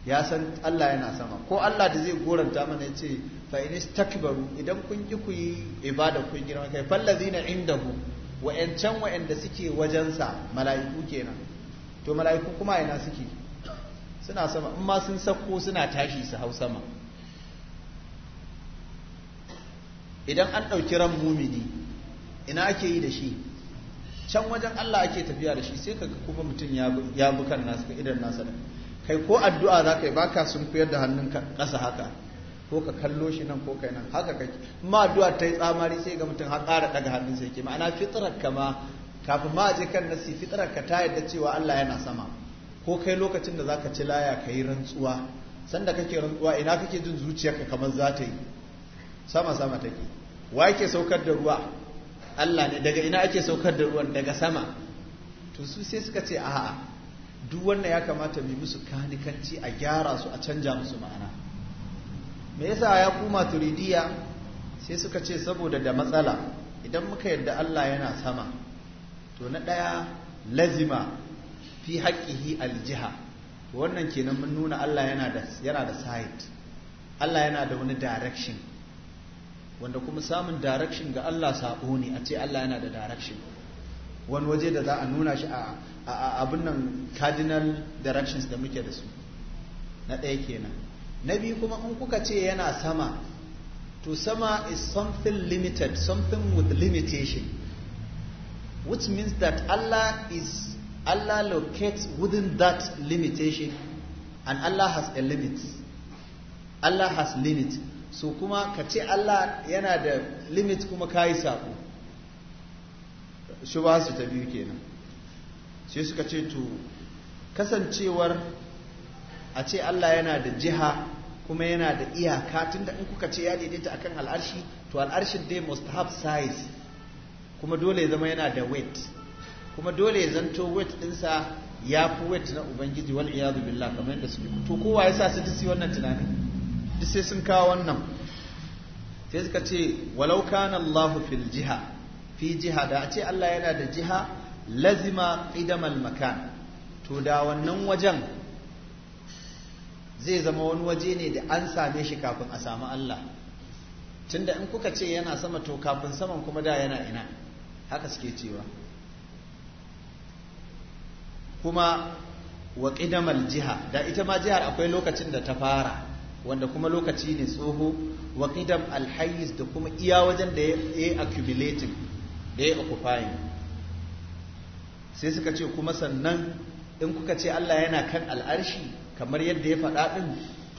ya san Allah yana sama ko Allah da zai goranta mana ya ce fa in istakbaru idan kun ki ku yi ibada kun girma kai fallazina indahu wa'ancan wa'anda suke wajensa mala'iku kenan to mala'iku kuma ina suke suna sama in ma sun sako suna tashi su hau sama idan an ɗauki ran mumini ina ake yi da shi can wajen Allah ake tafiya da shi sai kaga kuma mutum ya bi kan nasu idan nasa da kai ko addu'a za ka yi baka sun koyar da hannun ƙasa haka ko ka kallo shi nan ko kai nan haka kake ma addu'a ta yi tsamari sai ga mutum har ƙara daga hannun sai ke ma'ana fitrar ka ma kafin ma je kan nasi fitrar ka ta yadda cewa Allah yana sama ko kai lokacin da zaka ci laya ka yi rantsuwa sanda kake rantsuwa ina kake jin zuciyarka kamar za ta yi sama sama take wa yake saukar da ruwa Allah ne daga ina ake saukar da ruwan daga sama to su sai suka ce a'a duk wannan ya kamata mai musu kanikanci a gyara su a canja musu ma'ana me yasa ya kuma turidiya sai suka ce saboda da matsala idan muka yarda Allah yana sama to na ɗaya lazima fi haƙƙihi aljiha to wannan kenan mun nuna Allah yana da yana da side Allah yana da wani direction wanda kuma samun direction ga Allah sabo ne a ce Allah yana da direction wani waje da za a nuna shi a abin nan cardinal directions da muke da su na ɗaya kenan na biyu kuma in kuka ce yana sama to sama is something limited something with limitation which means that Allah is Allah locates within that limitation and Allah has a limit Allah has limit so kuma ka ce Allah yana da limit kuma ka yi saƙo shi ba su ta biyu kenan sai suka ce to kasancewar a ce Allah yana da jiha kuma yana da iyaka tunda in kuka ce ya daidaita akan al'arshi to al'arshin dai must have size kuma dole ya zama yana da weight kuma dole ya zanto weight dinsa ya fi weight na ubangiji wal iyadu billah kamar yadda suke to kowa ya sa su tisi wannan tunanin duk sai sun kawo wannan sai suka ce walau kana Allahu fil jiha fi jiha da a ce Allah yana da jiha lazima ƙidamal makan to da wannan wajen zai zama wani waje ne da an same shi kafin a samu Allah tunda in kuka ce yana sama to kafin saman kuma da yana ina haka suke cewa kuma wa qidamal jiha da ita ma jihar akwai lokacin da ta fara wanda kuma lokaci ne tsoho wa al alhayis da kuma iya wajen da ya accumulating da ya occupying sai suka ce kuma sannan in kuka ce Allah yana kan al'arshi kamar yadda ya faɗa ɗin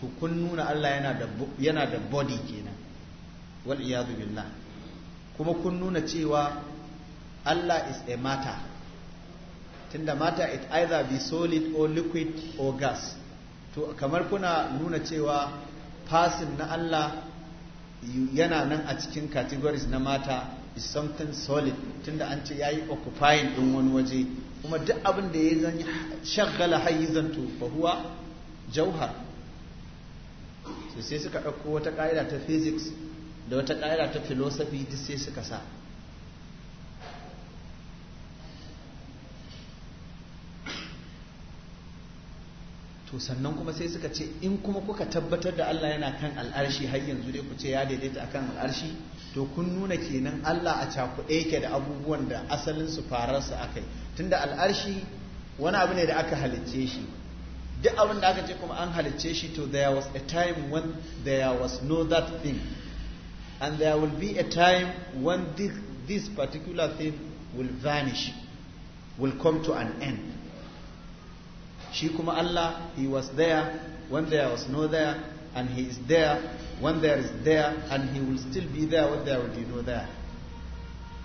to kun nuna Allah yana da body kenan wal iyadu billah kuma kun nuna cewa Allah is a matter tunda matter it either be solid or liquid or gas to kamar kuna nuna cewa fasin na Allah yana nan a cikin categories na mata is something solid tunda an ce yayi occupying din wani waje kuma duk abin da ya zan shagala hayyizan to fa huwa jauhar to sai suka ɗauko wata ƙa'ida ta physics da wata ƙa'ida ta philosophy duk sai suka sa to sannan kuma sai suka ce in kuma kuka tabbatar da Allah yana kan al'arshi har yanzu dai ku ce ya daidaita akan al'arshi to kun nuna kenan Allah a cakuɗe yake da abubuwan da asalin su fararsa akai tunda al'arshi wani abu ne da aka halicce shi duk abin da aka ce kuma an halicce shi to there was a time when there was no that thing and there will be a time when this, this particular thing will vanish will come to an end shi kuma Allah he was there when there was no there and he is there when there is there and he will still be there when there will be no there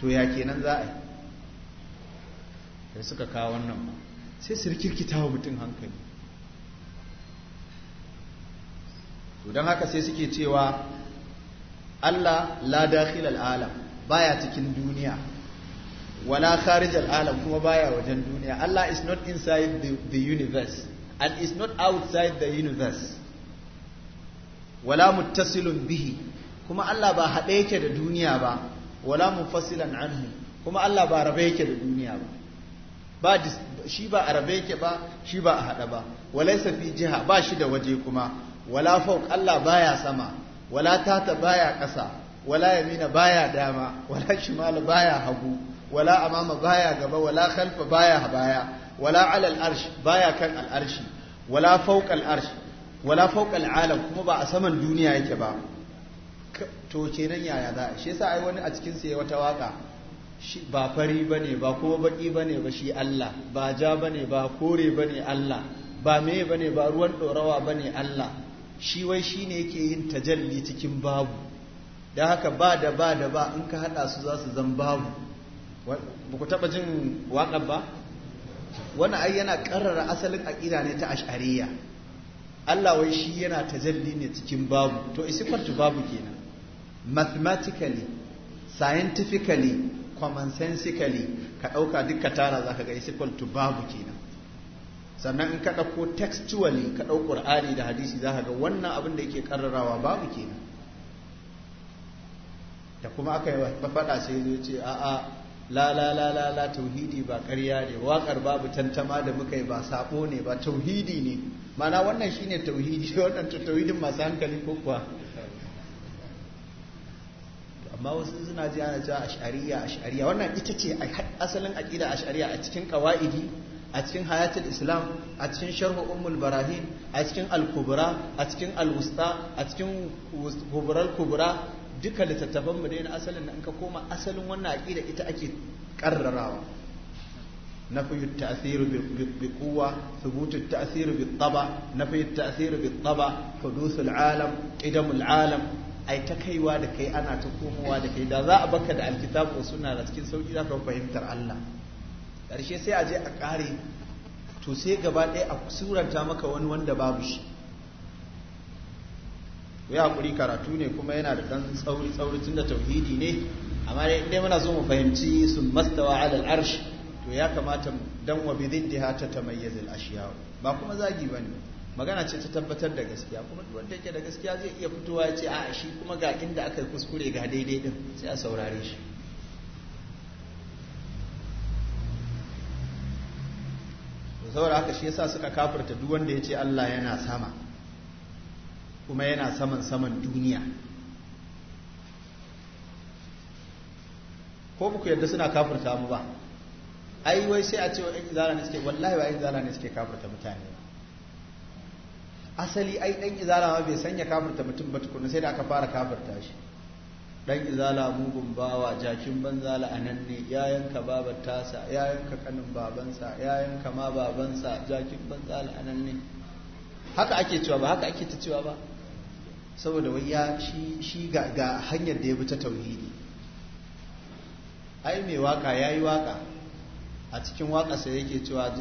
to ya kenan za a yi sai suka kawo wannan ba sai su rikirkita wa mutum hankali to don haka sai suke cewa Allah la dakhil al'alam baya cikin duniya wala kharij al'alam kuma baya wajen duniya Allah is not inside the, the universe and is not outside the universe wala muttasilun bihi kuma Allah ba haɗe yake da duniya ba wala munfasilan anhu kuma Allah ba rabe yake da duniya ba ba shi ba a rabe yake ba shi ba a haɗa ba walaysa fi jiha ba shi da waje kuma wala fawq Allah baya sama wala tata baya ƙasa wala yamina baya dama wala shimala baya hagu wala amama baya gaba wala khalfa baya baya wala alal arsh baya kan al arshi wala fawqa al arsh wala fawqal alam kuma ba a saman duniya yake ba to kenan yaya za a shi yasa ai wani a cikin sa wata waka ba fari bane ba kuma baki bane ba shi Allah ba ja bane ba kore bane Allah ba me bane ba ruwan dorawa bane Allah shi wai shine yake yin tajalli cikin babu da haka ba da ba da ba in ka hada su za su zan babu ba ku taba jin waƙar ba wani ai yana karrara asalin aƙida ne ta ash'ariyya Allah wai shi yana tajalli ne cikin babu to isifantu babu kenan mathematically scientifically common sensically ka ɗauka duk tara za ka ga isikwal babu kenan sannan in ka ɗauko textually ka ɗau ƙur'ani da hadisi za ka ga wannan abin da yake ƙarrarawa babu kenan da kuma aka yi faɗa sai zo ce a'a la la la la la tauhidi ba ƙarya ne waƙar babu tantama da muka yi ba saɓo ne ba tauhidi ne mana wannan shine tauhidi wannan tauhidin masu hankali ko kuwa amma wasu suna ji ana cewa ash'ariya ash'ariya wannan ita ce asalin aqida ash'ariya a cikin qawaidi a cikin hayatul islam a cikin sharhu ummul barahin a cikin al-kubra a cikin al-wusta a cikin kubral kubra duka littattafan mu da asalin nan. in ka koma asalin wannan aqida ita ake karrarawa نفي التأثير بقوة ثبوت التأثير بالطبع نفي التأثير بالطبع حدوث العالم إدم العالم ai ta kaiwa da kai ana ta komowa da kai da za a baka da alkitabu suna da cikin sauki za ka fahimtar Allah ƙarshe sai a je a kare to sai gaba ɗaya a suranta maka wani wanda babu shi a haƙuri karatu ne kuma yana da ɗan tsauri tsauri tun da tauhidi ne amma dai muna so mu fahimci sun mastawa alal arshi to ya kamata dan wa diha ta tamayyazul ashiya ba kuma zagi ba ne magana ce ta tabbatar da gaskiya kuma duk wanda yake da gaskiya zai iya fitowa ya ce a shi kuma ga inda aka kuskure ga daidai din sai a saurare shi saboda haka shi yasa suka kafirta duk wanda ya ce Allah yana sama kuma yana saman saman duniya ko ku yarda suna kafirta mu ba ai wai sai a ce wa ɗan izala ne suke wallahi ba izala ne suke kafirta mutane asali ai ɗan izala ma bai sanya kafirta mutum ba tukuna sai da aka fara kafirta shi ɗan izala mugun bawa jakin banza anan ne ya yanka babar tasa ya yanka kanin babansa ya yanka ma babansa jakin banza anan ne haka ake cewa ba haka ake ta cewa ba saboda wai ya shi ga hanyar da ya bi ta tauhidi ai mai waka ya yi waka a cikin waƙasa yake cewa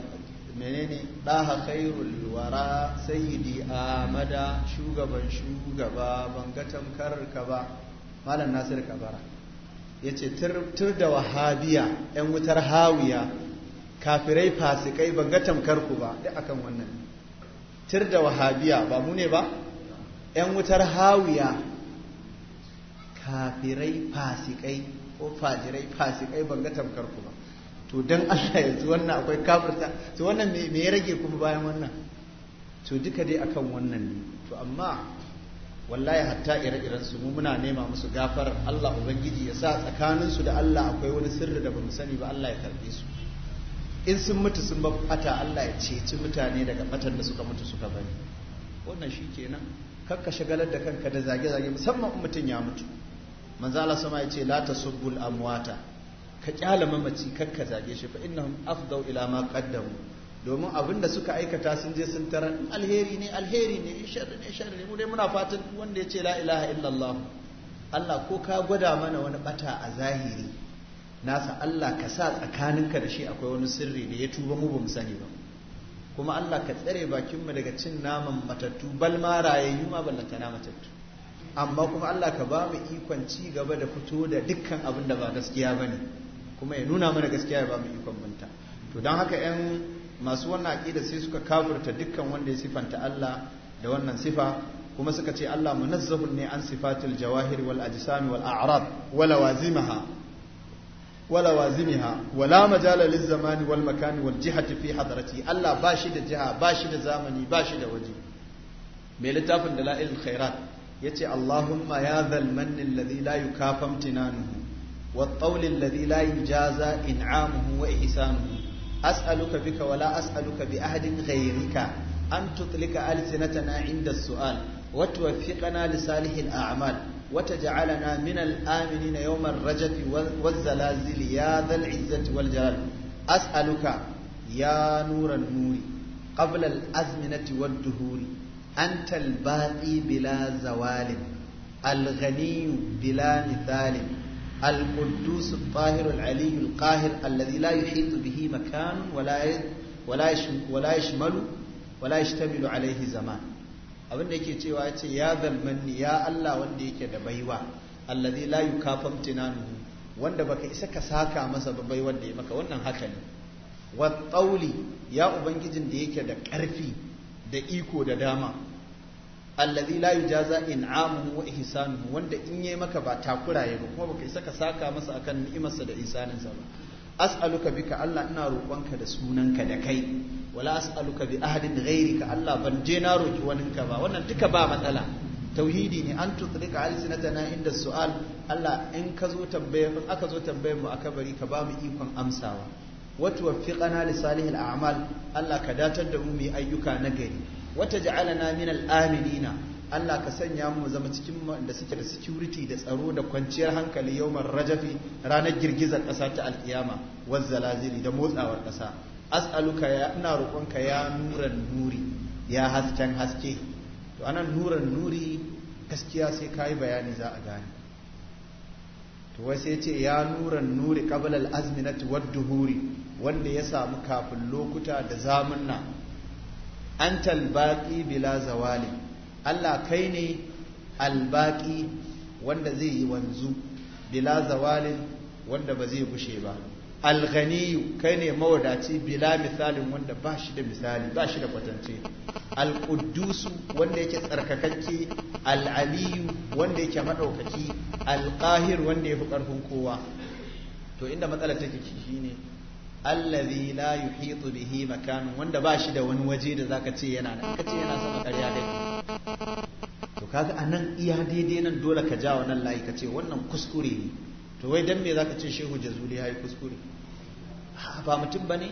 menene ɗa ɗaha khairul wara sayyidi amada shugaban shugaba ban ga tamkar ka ba malam nasir kabara ya ce tur da wahabiya yan wutar hawiya kafirai fasikai ban ga tamkar ku ba duk akan wannan tur da wahabiya ba mu ne ba yan wutar hawiya kafirai fasikai ko fajirai fasikai ban ga tamkar ku ba to don Allah yanzu wannan akwai kafirta to wannan me ya rage kuma bayan wannan to duka dai akan wannan ne to amma wallahi hatta ire-iren su mu muna nema musu gafar Allah ubangiji ya sa tsakanin su da Allah akwai wani sirri da bamu sani ba Allah ya karbe su in sun mutu sun ba fata Allah ya ceci mutane daga fatan da suka mutu suka bari wannan shikenan kakka shagalar da kanka da zage-zage musamman mutum ya mutu manzo Allah sama ya ce la tasubbul amwata ka kyala mamaci kar ka zage shi fa innahum afdau ila ma qaddamu domin abin da suka aikata sun je sun tarar in alheri ne alheri ne in sharri ne sharri ne mu dai muna fatan wanda ya ce la ilaha illallah Allah ko ka gwada mana wani bata a zahiri nasa Allah ka sa tsakaninka da shi akwai wani sirri da ya tuba mu mu sani ba kuma Allah ka tsare mu daga cin naman matattu bal ma rayayyu ma ballanta na matattu amma kuma Allah ka ba mu ikon ci gaba da fito da dukkan abin da ba gaskiya bane kuma ya nuna mana gaskiya ya ba mu ikon manta. to don haka yan masu wannan aƙida sai suka kafurta dukkan wanda ya sifanta Allah da wannan sifa kuma suka ce Allah munazzahun ne an sifatul jawahir wal ajsam wal a'rab wala wazimaha wala wazimiha wala majala liz zamani wal makani wal jihati fi hadrati Allah ba shi da jiha ba shi da zamani ba shi da waje mai littafin dala'il khairat yace Allahumma ya zal manni alladhi la yukafam tinanuhu والطول الذي لا يجازى إنعامه وإحسانه أسألك بك ولا أسألك بأحد غيرك أن تطلق ألسنتنا عند السؤال وتوفقنا لصالح الأعمال وتجعلنا من الآمنين يوم الرجف والزلازل يا ذا العزة والجلال أسألك يا نور النور قبل الأزمنة والدهور أنت الباقي بلا زوال الغني بلا مثال القدوس الطاهر العلي القاهر الذي لا يحيط به مكان ولا ولا ولا يشمل ولا يشتمل عليه زمان abin da yake cewa ya ce ya zalmanni ya Allah wanda yake da baiwa allazi la yukafam tinanu wanda baka isa ka saka masa ba baiwar da ya maka wannan haka ne wa ya ubangijin da yake da ƙarfi da iko da dama allazi la yujaza in'amuhu wa ihsanuhu wanda in yayi maka ba takura yayi ba kuma baka saka saka masa akan ni'imarsa da ihsaninsa ba as'aluka bika Allah ina roƙonka da sunanka da kai wala as'aluka bi ahadin ghairika Allah ban je na roki waninka ba wannan duka ba matsala tauhidi ne an tutrika alsinatana inda su'al Allah in ka zo tambayar in aka zo tambayar mu aka bari ka ba mu ikon amsawa wa tuwaffiqana li salihil a'mal Allah ka datar da mu mu ayyuka na gari wata ja'alana min al'aminina aminina Allah ka sanya mu zama cikin da suke da security da tsaro da kwanciyar hankali yawmar rajafi ranar girgizar ƙasa ta alkiyama waz zalazili da motsawar ƙasa as'aluka ya ina roƙonka ya nuran nuri ya hasken haske to anan nuran nuri gaskiya sai kai bayani za a gane to wai sai ce ya nuran nuri qabla al-azminati wad-duhuri wanda ya samu kafin lokuta da zamanna antal baqi bila zawali Allah kai ne albaqi wanda zai yi wanzu bila zawali wanda ba zai gushe ba alghaniyu kai ne mawadaci bila misalin wanda ba shi da misali ba shi da kwatance alƙuddusu wanda yake tsarkakakke aliyu wanda yake maɗaukaki alƙahir wanda ya fi ƙarfin kowa to inda matsalar take shi ne allazi la yuhitu bihi makanun wanda ba shi da wani waje da zaka ce yana nan kace yana sama ƙarya dai to kaga anan iya daidai nan dole ka ja wannan layi kace wannan kuskure ne to wai dan me zaka ce shehu jazuli yayi kuskure ba mutum bane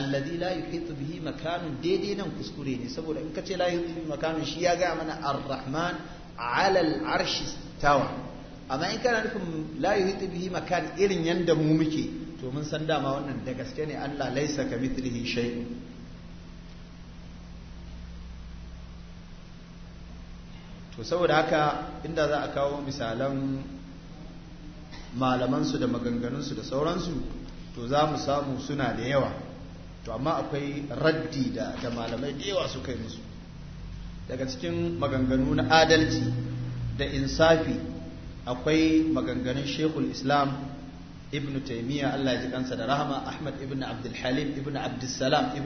allazi la yuhitu bihi makanun daidai nan kuskure ne saboda in kace la yuhitu bihi makanun shi ya ga mana ar-rahman ala al-arshi tawa amma in kana nufin la yuhitu bihi makan irin yanda mu muke to mun san dama wannan da gaske ne Allah laisa ka mithlihi shai. to saboda haka inda za a kawo misalan malamansu da maganganunsu da sauransu to za mu samu suna da yawa to amma akwai raddi da, da malamai da yawa suka yi musu daga cikin maganganu na adalci da insafi akwai maganganun shekul islam Ibnu taymiya Allah ji kansa da rahama ahmad Ibnu abdul halim ibn abdul salam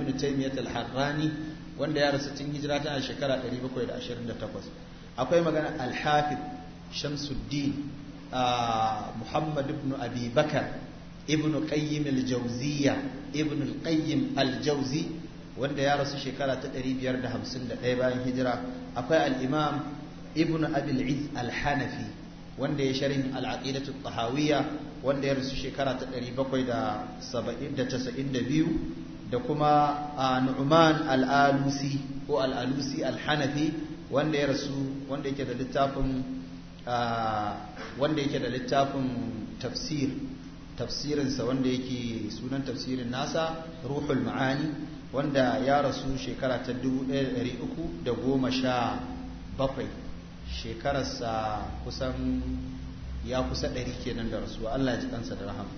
wanda ya rasu tun hijira tana shekara 728 akwai magana al-hafiz shamsuddin muhammad ibn abi bakar ibn qayyim al-jawziyya ibn al-qayyim al-jawzi wanda ya rasu shekara ta 551 bayan hijira akwai al'imam Ibnu ibn abil al-hanafi wanda ya sharhin al-aqidatu tahawiyya wanda ya rasu shekara ta 792 da kuma Nu'man al-Alusi ko al-Alusi al-Hanafi wanda ya rasu wanda yake da littafin wanda yake da littafin tafsir tafsirinsa wanda yake sunan tafsirin nasa Ruhul Ma'ani wanda ya rasu shekara ta 1317 shekararsa kusan ya kusa ɗari kenan da rasuwa Allah ya ji kansa da rahama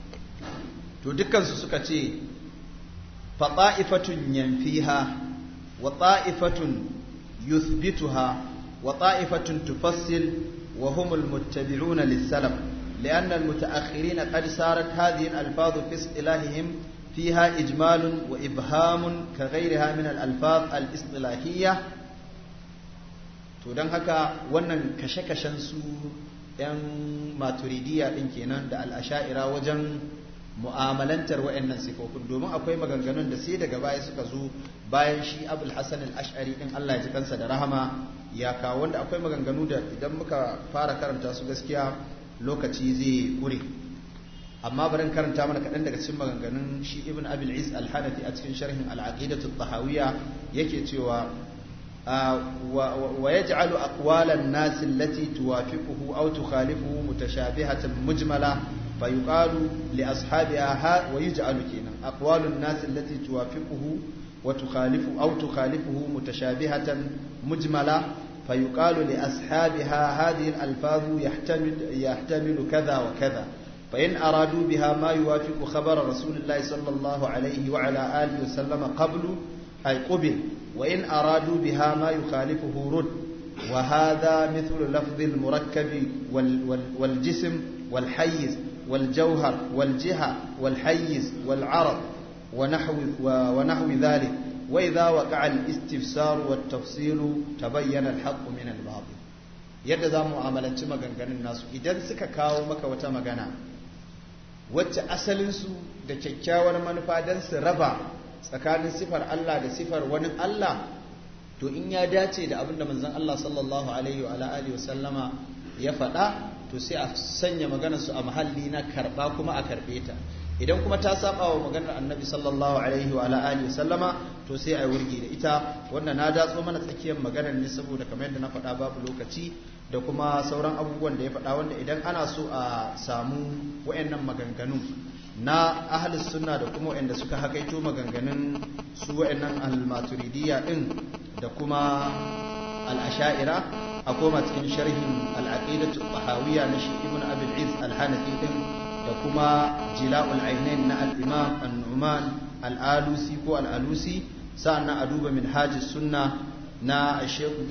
to dukkansu suka ce fa ta'ifatun yanfiha wa ta'ifatun yuthbituha wa ta'ifatun tufassil wa humul muttabi'una lis-salaf لأن المتأخرين قد صارت هذه الألفاظ في اصطلاحهم فيها إجمال وإبهام كغيرها من الألفاظ الاصطلاحية to don haka wannan kashe-kashen su 'yan maturidiya din kenan da al'asha'ira wajen mu'amalantar wa'annan sifofin domin akwai maganganun da sai daga baya suka zo bayan shi abul hassan al'ashari ashari din Allah ya ji kansa da rahama ya kawo wanda akwai maganganu da idan muka fara karanta su gaskiya lokaci zai kure amma barin karanta mana kaɗan daga cikin maganganun shi ibn abul is al-hanafi a cikin sharhin al-aqidatu tahawiyya yake cewa آه، ويجعل أقوال الناس التي توافقه أو تخالفه متشابهة مجملة فيقال لأصحابها ويجعل كينا أقوال الناس التي توافقه وتخالف أو تخالفه متشابهة مجملة فيقال لأصحابها هذه الألفاظ يحتمل, يحتمل كذا وكذا فإن أرادوا بها ما يوافق خبر رسول الله صلى الله عليه وعلى آله وسلم قبل أي قبل وإن أرادوا بها ما يخالفه رد وهذا مثل لفظ المركب والجسم والحيز والجوهر والجهة والحيز والعرض ونحو, ونحو ذلك وإذا وقع الاستفسار والتفصيل تبين الحق من الباطل yadda za mu amalanci maganganun nasu idan suka kawo maka wata magana wacce asalinsu da kyakkyawar manufa don su raba tsakanin sifar Allah da sifar wani Allah to in ya dace da abinda da manzon Allah sallallahu alaihi wa alihi wa sallama ya faɗa to sai a sanya maganar su a mahalli na karba kuma a karbe ta idan kuma ta saba wa maganar annabi sallallahu alaihi wa alihi wa sallama to sai a wurgi da ita wannan na datso mana tsakiyar maganar ne saboda kamar yadda na faɗa babu lokaci da kuma sauran abubuwan da ya faɗa wanda idan ana so a samu wayannan maganganun na ahalis suna da kuma waɗanda suka hakaito maganganun su waɗannan al-maturidiyya din da kuma alasha'ira a koma cikin sharhin al bahawiya na shi ibn abin iz alhanafi din da kuma jila'ul ainain na alimam al'umman alalusi ko al'alusi sa'an na a duba hajji sunna na na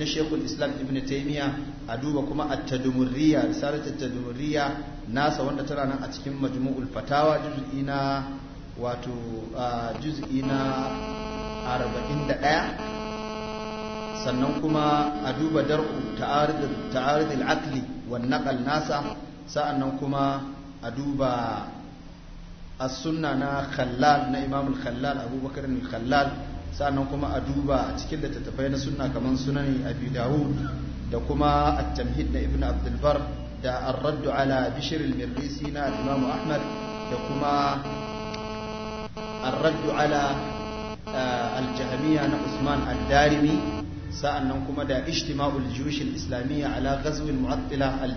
shekul islam ibn taimiya a duba kuma at tadumuriya at nasa wanda tana nan a cikin majmu'ul fatawa juz'i na wato juz'i na 41 sannan kuma a duba dar'u ta'arid ta'arid al-aqli wan naqal nasa sa'annan kuma a duba as-sunna na khallal na imam al-khallal abubakar al-khallal sannan kuma a duba cikin littattafai na sunna kamar sunan a bidawu da kuma a tamhid na ibn abdulbar da ar raddu ala bishr al-mirrisi na imam ahmad da kuma ar raddu ala eh, al na usman al darimi sa'annan kuma da ijtima'ul juyush al-islamiyya ala ghazw al-mu'attila al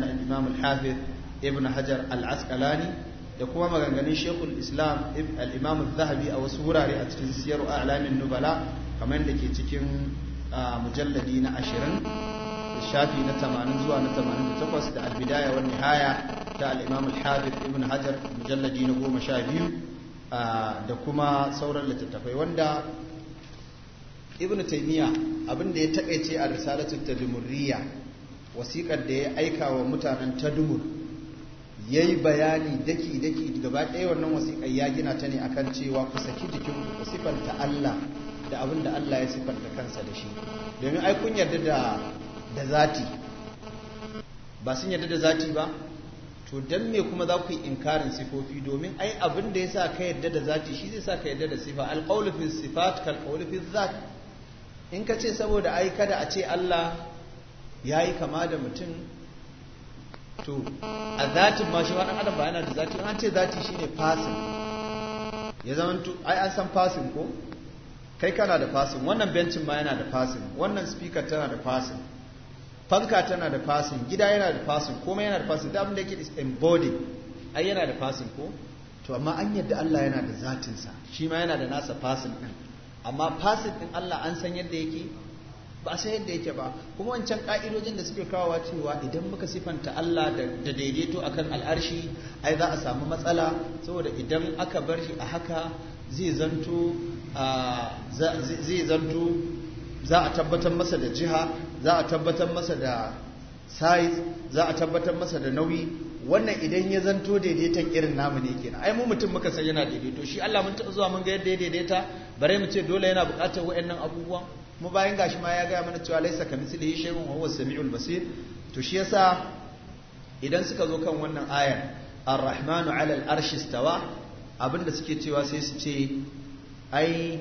na imam al-hafiz ibn hajar al askalani da kuma maganganun shekul islam al’imam zahabi a wasu wurare a cikin siyar alamin nubala kamar da ke cikin mujalladi na ashirin da shafi na tamanin zuwa na tamanin da takwas da albidaya wa nihaya ta alimam imam al ibn hajar mujalladi na goma sha biyu da kuma sauran littattafai wanda ibn taimiyya abin da ya taƙaice a risalatul tadumuriya wasiƙar da ya aika wa mutanen tadumur ya yi bayani daki-daki gaba ɗaya wannan wasiƙa ya gina ta ne a kan cewa ku saki jikin ku sifanta Allah da abin da Allah ya sifanta kansa da shi domin ai kun yarda da da zati ba sun yarda da zati ba to dan me kuma za ku yi inkarin sifofi domin ai abin da ya sa ka yarda da zati shi zai sa ka yarda da sifa alqawlu fi sifat kal qawlu fi zat in ka ce saboda ai kada a ce Allah yayi kama da mutum to a zatin ma shi wani adam bayana yana da zati an ce zati shine fasin ya zama to ai an san fasin ko kai kana da fasin wannan bencin ma yana da fasin wannan speaker tana da fasin fanka tana da fasin gida yana da fasin komai yana da fasin da abin da yake is ai yana da fasin ko to amma an yadda Allah yana da zatinsa shi ma yana da nasa fasin din amma fasin din Allah an san yadda yake ba a san yadda yake ba kuma wancan ka'idojin da suke kawowa cewa idan muka sifanta Allah da daidaito akan al'arshi ai za a samu matsala saboda idan aka bar shi a haka zai zanto zai za a tabbatar masa da jiha za a tabbatar masa da size za a tabbatar masa da nauyi wannan idan ya zanto daidaiton irin namu ne kenan ai mu mutum muka san yana daidaito shi Allah mun taɓa zuwa mun ga yadda ya daidaita bare mu ce dole yana buƙatar waɗannan abubuwan mu bayan gashi ma ya gaya mana cewa laisa ka mislihi shi wa huwa samiul basir to shi yasa idan suka zo kan wannan ayar arrahmanu 'ala al'arshi arshi abinda suke cewa sai su ce ai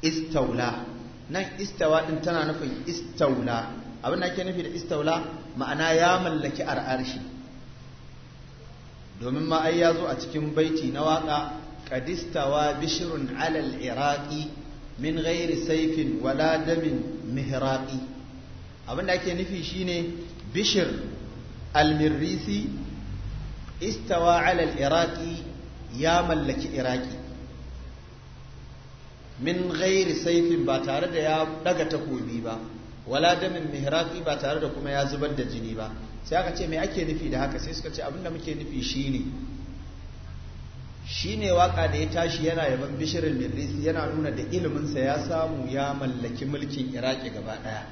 istaula nan istawa din tana nufin istaula abin ake nufi da istaula ma'ana ya mallaki ar'arshi domin ma ai ya zo a cikin baiti na waka qadistawa bishrun 'ala al min ghairi saifin wala damin mihraqi abin da ake nufi shine bishir almirisi istawa ala iraqi ya mallaki iraki min ghairi saifin ba tare da ya daga takobi ba wala damin mihraqi ba tare da kuma ya zubar da jini ba sai aka ce me ake nufi da haka sai suka ce abin da muke nufi shine shi ne waƙa da ya tashi yana yaban bishirin mirrisi yana nuna da iliminsa ya samu ya mallaki mulkin iraki gaba ɗaya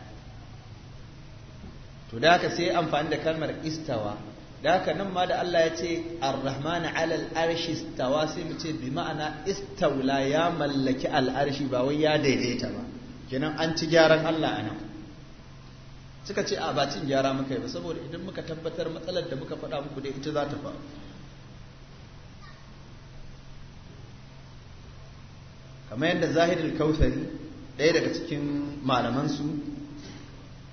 to da haka sai amfani da kalmar istawa da haka nan ma da Allah ya ce ar ala al arshi istawa sai mu ce bi ma'ana istawla ya mallaki al-arshi ba wai ya daidaita ba kenan an ci gyaran Allah a nan suka ce a cin gyara muka yi ba saboda idan muka tabbatar matsalar da muka faɗa muku dai ita za ta faru kamar yadda zahirul kautsari ɗaya daga cikin malamansu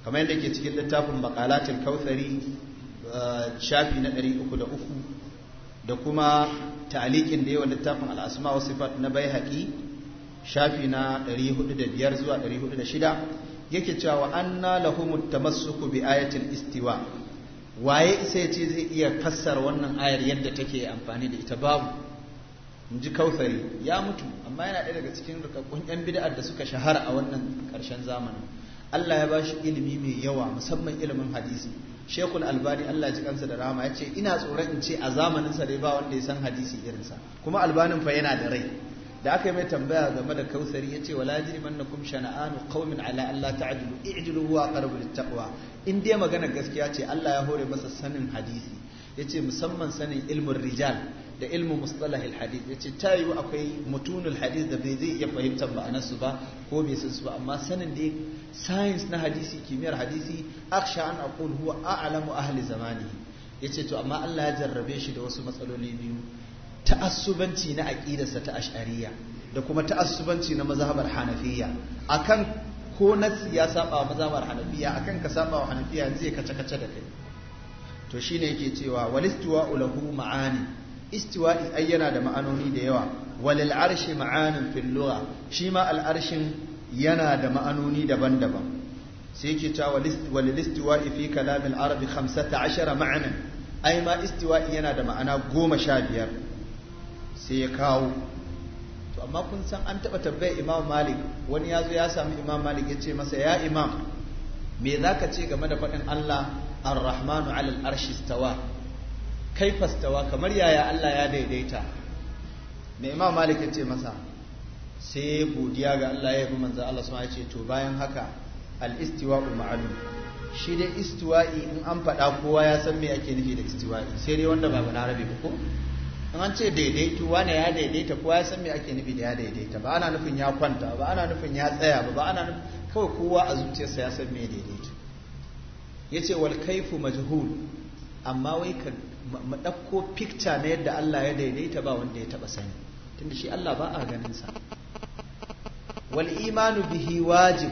kamar yadda ke cikin littafin makalatul kautsari uh, shafi na 303 da kuma ta'alikin da yawan littafin al'asma wa sifat na baihaqi shafi na 405 zuwa 406 yake cewa anna lahumut tamassuku bi ayatil istiwa waye sai ce zai iya fassara wannan ayar yadda take amfani da ita babu in ji kausari ya mutu amma yana ɗaya daga cikin rikakkun 'yan bid'ar da suka shahara a wannan ƙarshen zamanin Allah ya ba shi ilimi mai yawa musamman ilimin hadisi Shekul Albani Allah ji kansa da rama ya ce ina tsoron in ce a zamanin sa dai ba wanda ya san hadisi irin sa kuma albanin fa yana da rai da aka yi mai tambaya game da kausari ya ce wala kum shana'anu qaumin ala alla ta'dilu i'dilu huwa aqrabu littaqwa in dai magana gaskiya ce Allah ya hore masa sanin hadisi yace musamman sanin ilmin rijal da ilmin mustalah hadith ya ce ta yiwu akwai mutunul hadith da bai zai iya fahimtar su ba ko bai san su ba amma sanin da science na hadisi kimiyyar hadisi aksha an aqul huwa a'lamu ahli zamani yace to amma Allah ya jarrabe shi da wasu matsaloli biyu ta'assubanci na aqidarsa ta ash'ariyya da kuma ta'assubanci na mazhabar hanafiyya akan ko na ya saba mazhabar hanafiyya akan ka saba wa hanafiyya zai kace kace da kai to shine yake cewa walistuwa ulahu ma'ani istiwa'i ai yana da ma'anoni da yawa walil arshi ma'anin shima al'arshin shi ma yana da ma'anoni daban-daban sai yake ta walil istiwa'i fi kalamin al arabi 15 ma'anan ai ma istiwa'i yana da ma'ana goma sha biyar. sai ya kawo to amma kun san an taɓa tambayar imam malik wani ya zo ya sami imam malik ya ce masa ya imam me zaka ce game da faɗin Allah arrahmanu rahmanu alal arshi stawa kai fastawa kamar yaya Allah ya daidaita mai imam malik ce masa sai godiya ga Allah ya yi manzo Allah ya ce to bayan haka al-istiwa'u ma'lum shi dai istiwa'i in an fada kowa ya san me ake nufi da istiwa'i sai dai wanda ba balarabe ba ko in an ce daidaitu wane ya daidaita kowa ya san me ake nufi da ya daidaita ba ana nufin ya kwanta ba ana nufin ya tsaya ba ba ana kawai kowa a zuciyarsa ya san me daidaita yace wal kaifu majhul amma wai ka mu ɗauko na yadda Allah ya daidaita ba wanda ya taɓa sani tunda shi Allah ba a ganinsa wal imanu bihi wajib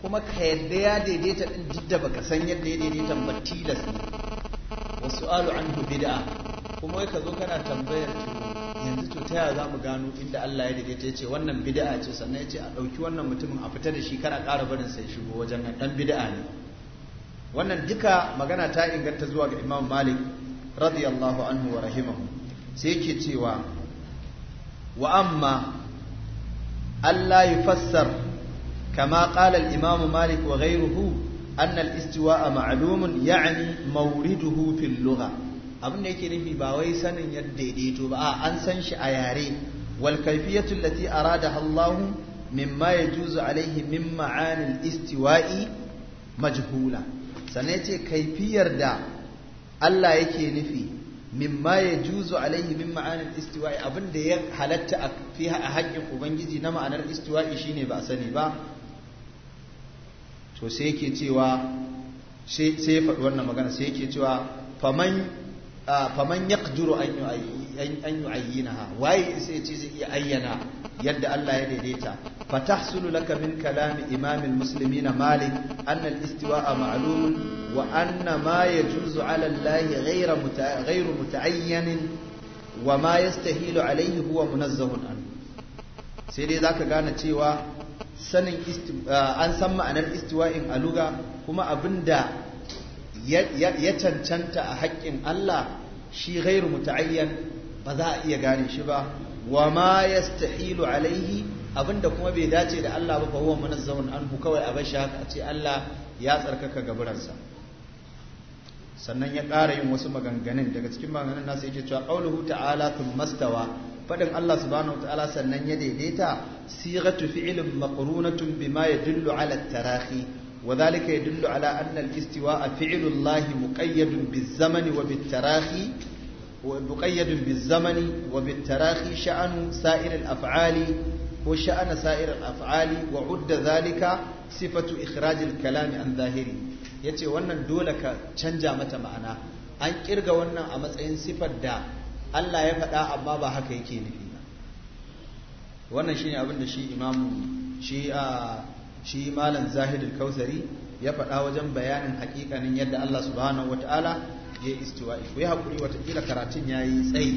kuma ka yadda ya daidaita ɗin duk da baka san yadda ya daidaita ba tilas ne wa su'alu anhu bid'a kuma wai ka zo kana tambayar to yanzu to ta za mu gano inda Allah ya daidaita yace wannan bid'a ce sannan yace a ɗauki wannan mutumin a fita da shi kana a ƙara barin sai shigo wajen nan dan bid'a ne wannan duka magana ta inganta zuwa ga Imam Malik radiyallahu anhu wa rahimahu sai yake cewa wa amma Allah fassar kama qala al-imam Malik wa ghayruhu anna al-istiwa'a ma'alumin ya'ni mawriduhu fil lugha abin da yake nufi ba wai sanin yadda daidaito ba a an san shi a yare wal lati arada aradaha Allah mimma yajuzu alayhi min ma'ani istiwai majhula sannan yace kaifiyar da Allah yake nufi mimma ya juzu alaihi min ma'anin istiwa'i abin da ya halatta a fi a haƙƙin ubangiji na ma'anar istiwa'i shine ba a sani ba to sai yake cewa sai ya faɗi wannan magana sai yake cewa faman faman yaqduru an yu'ayyi an ha waye sai ya ce zai iya ayyana yadda Allah ya daidaita fatahsulu laka min kalami imamin muslimina malik anna al-istiwa'a ma'lum wa anna ma yajuzu 'ala Allah ghayra ghayru muta'ayyan wa ma yastahilu 'alayhi huwa munazzahun an sai dai zaka gane cewa sanin uh, an san ma'anar istiwa'in aluga kuma abinda ya cancanta a haƙƙin Allah shi gairu muta'ayyan ba za a iya gane shi ba wa ma yastahilu alaihi abinda kuma bai dace da Allah ba mana huwa munazzahun anhu kawai a haka a ce Allah ya tsarkaka gaburansa sannan ya ƙara yin wasu maganganun daga cikin maganganun nasu yake cewa qauluhu ta'ala tun mastawa fadin Allah subhanahu ta'ala sannan ya daidaita sighatu fi'lin maqrunatun bima yadullu ala tarahi wa ya yadullu ala anna al a fi'lu Allah muqayyadun zamani wa bit ومقيد بالزمن وبالتراخي شأن سائر الأفعال وشأن سائر الأفعال وعد ذلك صفة إخراج الكلام عن ظاهره yace wannan dole ka canja mata ma'ana an kirga wannan a matsayin sifar da Allah ya faɗa amma ba haka yake nufi ba wannan shine abin da shi imamu shi malam zahid al-kausari ya faɗa wajen bayanin haƙiƙanin yadda Allah subhanahu wataala ya yi istiwa'i ku yi haƙuri watakila karatun ya yi tsayi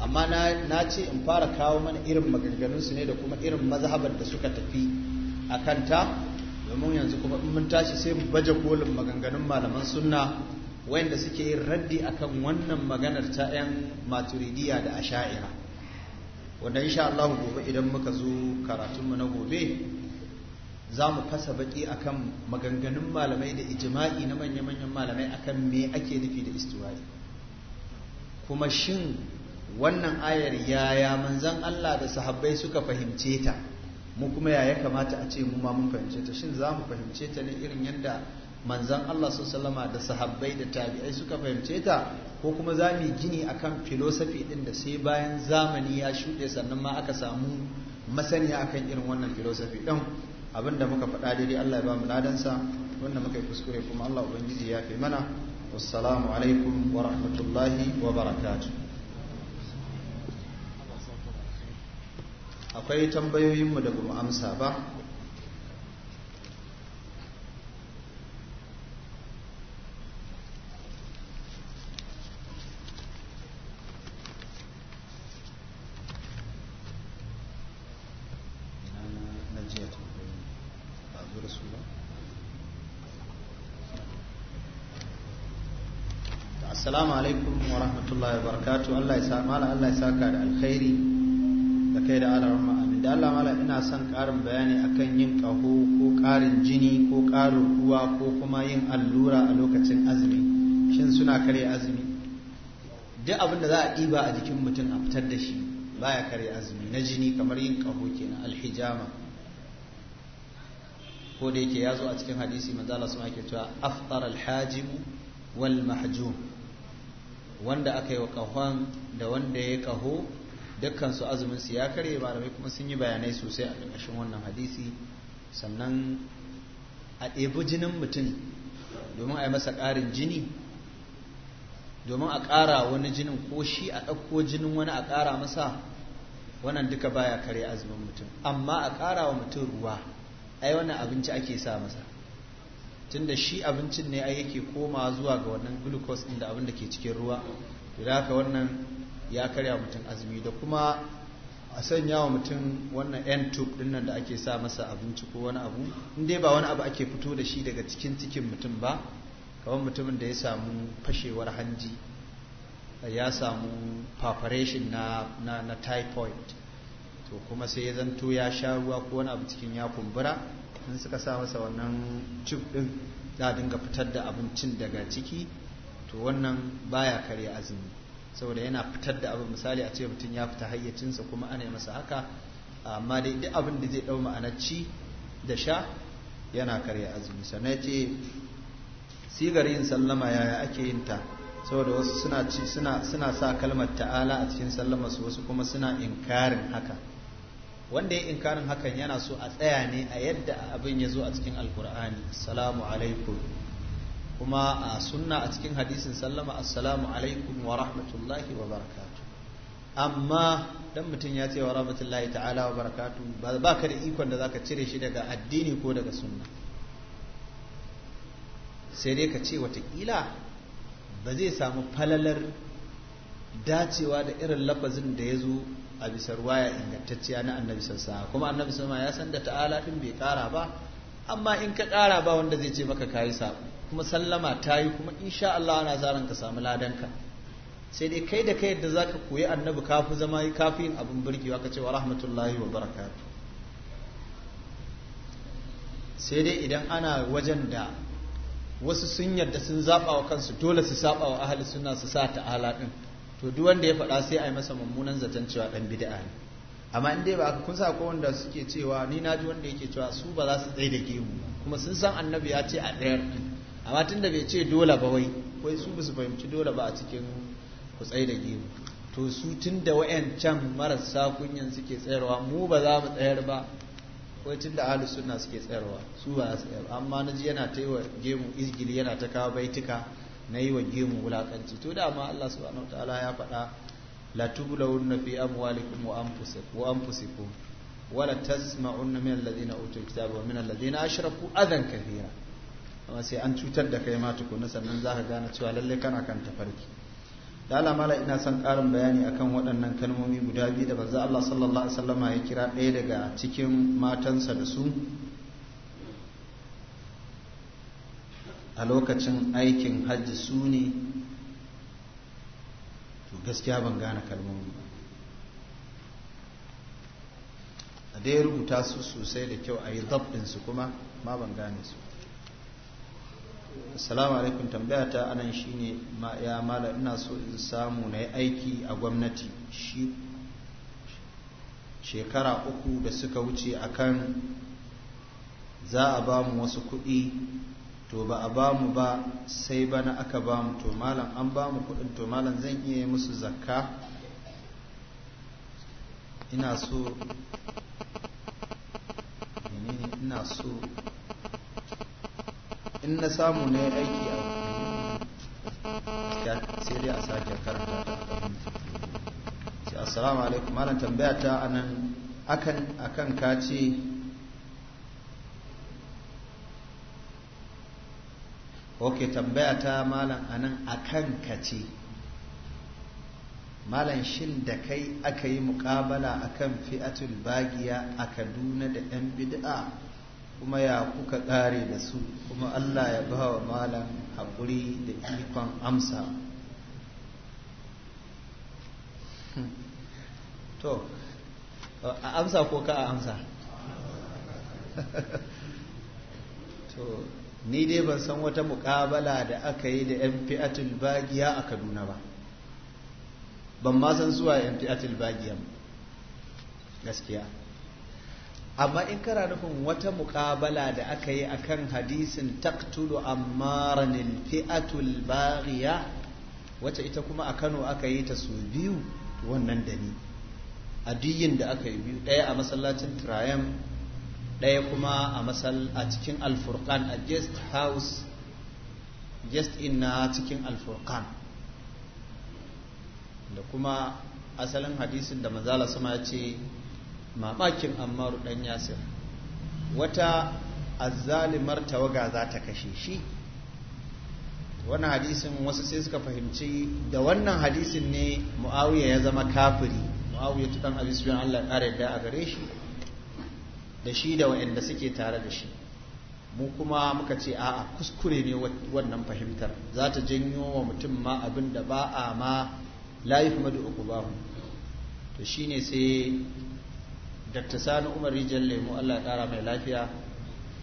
amma na ce in fara kawo mana irin maganganunsu ne da kuma irin mazhabar da suka tafi a kanta domin yanzu kuma in mun tashi sai mu baje kolin maganganun malaman sunna wayanda suke yin raddi akan wannan maganar ta 'yan maturidiya da asha'ira wanda insha Allah gobe idan muka zo karatunmu na gobe za mu fasa baki akan maganganun malamai da ijima'i na manya-manyan malamai akan me ake nufi da istiwa'i kuma shin wannan ayar yaya manzan Allah da sahabbai suka fahimce ta mu kuma yaya kamata a ce mu ma mun fahimce ta shin za mu fahimce ta ne irin yadda manzan Allah salama da sahabbai da tabi'ai suka fahimce ta ko kuma za mu gini akan filosofi ɗin da sai bayan zamani ya shuɗe sannan ma aka samu masaniya akan irin wannan filosofi ɗin? abinda muka faɗa daidai Allah ya ba mu ladansa wanda muka yi kuskure kuma Allah ubangiji ya fi mana wassalamu alaikum wa rahmatullahi wa barakatu. akwai tambayoyinmu da bamu amsa ba barakatu Allah ya sa mala Allah ya saka da alkhairi da kai da ala amin da Allah mala ina son ƙarin bayani akan yin ƙaho ko ƙarin jini ko ƙarin ruwa ko kuma yin allura a lokacin azumi shin suna karya azumi duk abin da za a ɗiba a jikin mutum a fitar da shi baya karya azumi na jini kamar yin kaho kenan alhijama ko da yake ya zo a cikin hadisi manzo Allah sun ake cewa afṭara alhajimu wal mahjum wanda aka yi wa kahon da wanda ya kaho dukkan su azumin su ya karye malamai kuma sun yi bayanai sosai a ƙarƙashin wannan hadisi sannan a ɗebi jinin mutum domin a yi masa ƙarin jini domin a ƙara wani jinin ko shi a ɗauko jinin wani a ƙara masa wannan duka baya kare azumin mutum amma a ƙara wa mutum ruwa ai wannan abinci ake sa masa tunda shi abincin ne ai yake koma zuwa ga wannan glucose inda abin da ke cikin ruwa da haka wannan ya karya mutum azumi da kuma a sanya wa mutum wannan yan tube din nan da ake sa masa abinci ko wani abu in dai ba wani abu ake fito da shi daga cikin cikin mutum ba kamar mutumin da ya samu fashewar hanji ya samu perforation na, na, na typhoid to kuma sai ya zanto ya sha ruwa ko wani abu cikin ya kumbura in suka sa masa wannan cif ɗin za a dinga fitar da abincin daga ciki to wannan baya karya azumi saboda yana fitar da abu misali a ce mutum ya fita hayyacinsa kuma ana masa haka amma dai duk abin da zai ɗau ma'anar ci da sha yana karya azumi sannan ce sigar yin sallama yaya ake yin ta saboda wasu suna suna sa kalmar ta'ala a cikin sallama su wasu kuma suna inkarin haka wanda ya inkarin hakan yana so a tsaya ne a yadda abin ya zo a cikin alkur'ani assalamu alaikum kuma a sunna a cikin hadisin sallama assalamu alaikum wa rahmatullahi wa barakatu amma dan mutum ya ce wa rahmatullahi ta'ala wa barakatu ba ka da ikon da zaka cire shi daga addini ko daga sunna sai dai ka ce watakila ba zai samu falalar dacewa da irin lafazin da ya zo a bisa ruwaya ingantacciya na annabi sassa kuma annabi sama ya san da ta'ala din bai kara ba amma in ka kara ba wanda zai ce maka kayi sabo kuma sallama ta yi kuma insha Allah ana zaran ka samu ladanka sai dai kai da kai yadda zaka koyi annabi kafi zama yi kafin abin burgewa ka ce wa rahmatullahi wa barakatu. sai dai idan ana wajen da wasu sun yarda sun zaba wa kansu dole su saba wa ahli sunna su sa ta'ala din to duk wanda ya faɗa sai a yi masa mummunan zaton cewa ɗan bid'a ne amma in dai ba kun sa ko wanda suke cewa ni na ji wanda yake cewa su ba za su tsaye da gemu kuma sun san annabi ya ce a ɗayar amma tun da bai ce dole ba wai wai su basu fahimci dole ba a cikin ku tsaye da gemu to su tun da wa'yancan marasa kunyan suke tsayarwa mu ba za mu tsayar ba wai tun da ahlus suna suke tsayarwa su ba za su tsayar amma na ji yana ta yi wa gemu izgili yana ta kawo baituka na yi wa gemu wulakanci to dama Allah subhanahu Ta'ala ya faɗa la tublawunna fi amwalikum wa anfusikum wa anfusikum wala tasma'unna min alladhina utul kitaba wa min alladhina ashraku adan kathira amma sai an cutar da kai ma tukunna sannan zaka gane cewa lalle kana kan tafarki da Allah mala ina son karin bayani akan waɗannan kalmomi guda biyu da manzo Allah sallallahu alaihi wasallama ya kira ɗaya daga cikin matansa da su a lokacin aikin hajji su ne to gaskiya ban gane kalmomi ba a dai rubuta su sosai da kyau a yi su kuma ma ban gane su assalamu alaikum tambaya ta anan shine ya mala ina so in samu na yi aiki a gwamnati shi shekara uku da suka wuce akan za a ba mu wasu kuɗi to ba a ba mu ba sai bana aka ba mu to malam an ba mu kudin to malam zan iya yi musu zakka ina so ina so in na samu ne aiki a sai dai a sake karanta ta assalamu alaikum malam tambaya ta anan akan akan kace ok tambaya ta malam anan akan ka ce malam shin da kai aka yi muƙabala kan fi'atul bagiya a kaduna da 'yan bid'a kuma ya kuka kare da su kuma allah ya ba wa malam haƙuri da ikon amsa to a amsa ko ka a amsa ni dai ban san wata mukabala da aka yi da yan fi'atul bagiya a kaduna ba ban ma san zuwa yan fi'atul bagiya gaskiya amma in kana nufin wata mukabala da aka yi a kan hadisin taktulu ammaranin fi'atul bagiya wacce ita kuma a kano aka yi ta su biyu wannan da ni a duyin da aka yi biyu ɗaya a masallacin triumph ɗaya kuma a masal a cikin alfurkan a guest house guest in na cikin alfurkan da kuma asalin hadisin da mazala sama ya ce mamakin ammaru ɗan yasir wata azzalimar tawaga za ta kashe shi wannan hadisin wasu sai suka fahimci da wannan hadisin ne mu'awiya ya zama kafiri mu'awiya tukan abisuyan allah ƙara yadda a gare shi da shi da waɗanda suke tare da shi mu kuma muka ce a'a kuskure ne wannan fahimtar za ta janyo wa mutum ma abin da ba a ma layi kuma da uku ba to shi ne sai dakta sani umar rijiyar lemu allah ƙara mai lafiya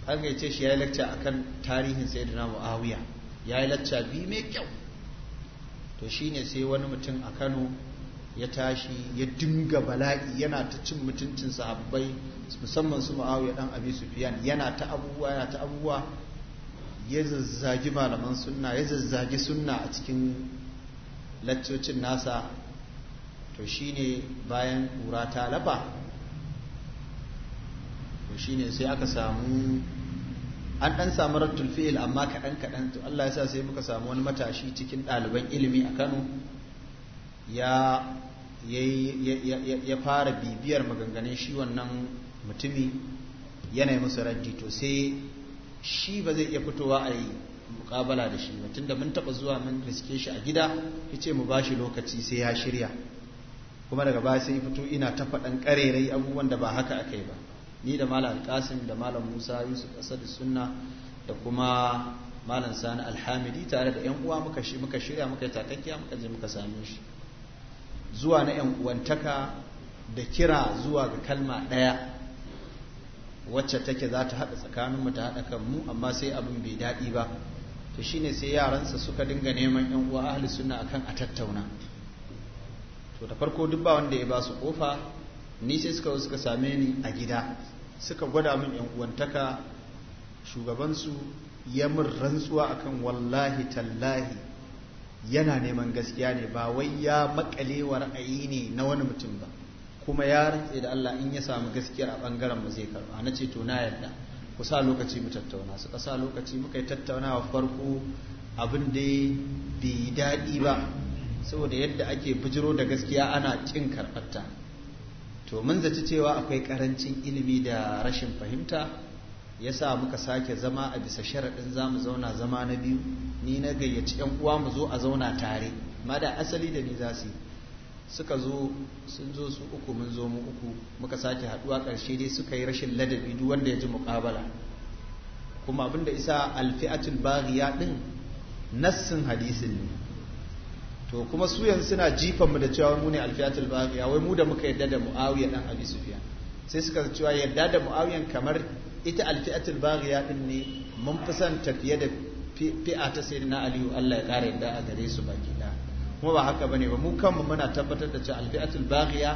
an gayyace shi ya yi lacca a kan tarihin sayyidina muawiya ya yi lacca biyu mai kyau to shi ne sai wani mutum a kano ya tashi ya dinga bala'i yana ta cin mutuncin sahabbai musamman su ma'awiya dan abi biyan yana ta abubuwa yana ta abubuwa ya zazzagi malaman sunna ya zazzagi sunna a cikin laccocin nasa to shine bayan kura ta lafa to shine sai aka samu an dan samu rattul fi'il amma kaɗan kaɗan to Allah ya sa sai muka samu wani matashi cikin ɗaliban ilimi a Kano ya ya fara bibiyar maganganun shi wannan mutumi yana musu raddi to sai shi ba zai iya fitowa a yi mukabala da shi mutum da mun taba zuwa mun riske shi a gida ya ce mu ba shi lokaci sai ya shirya kuma daga baya sai fito ina ta faɗan ƙarerai abubuwan da ba haka aka yi ba ni da malam alƙasim da malam musa yusuf asadu sunna da kuma malam sani alhamidi tare da yan uwa muka shirya muka yi takakkiya muka je muka same shi zuwa na 'yan uwantaka da kira zuwa ga kalma ɗaya wacce take za ta haɗa tsakaninmu ta haɗa kanmu amma sai abin bai daɗi ba to ne sai yaransa suka dinga neman 'yan uwa ahli suna akan a tattauna to da farko duk ba wanda ya ba su kofa ni sai suka suka same ni a gida suka gwada min 'yan uwantaka shugabansu ya min rantsuwa akan wallahi tallahi yana neman gaskiya ne ba wai ya makale wa ra'ayi ne na wani mutum ba kuma ya rantse da Allah in ya samu gaskiya a bangaren mu zai karba na ce to na yarda ku sa lokaci mu tattauna suka sa lokaci muka yi tattaunawa farko abin da bai daɗi ba saboda yadda ake bijiro da gaskiya ana kin karɓarta to mun zaci cewa akwai ƙarancin ilimi da rashin fahimta yasa muka sake zama a bisa sharaɗin za mu zauna zama na biyu ni na gayyaci yan uwa mu zo a zauna tare ma da asali da ni za su suka zo sun zo su uku mun zo mu uku muka sake haɗuwa ƙarshe dai suka yi rashin ladabi duk wanda ya ji muƙabala kuma abin da isa alfi'atul baghiya din nassin hadisin ne to kuma su yanzu suna jifan mu da cewa mu ne alfi'atul baghiya wai mu da muka yarda da muawiya dan abi sufyan sai suka cewa yadda da muawiyan kamar ita alfi'atul baghiya din ne mun fi son tafiye da fi'a ta sayyidina aliyu Allah ya kare da a gare su baki da kuma ba haka bane ba mu kanmu muna tabbatar da cewa alfi'atul baghiya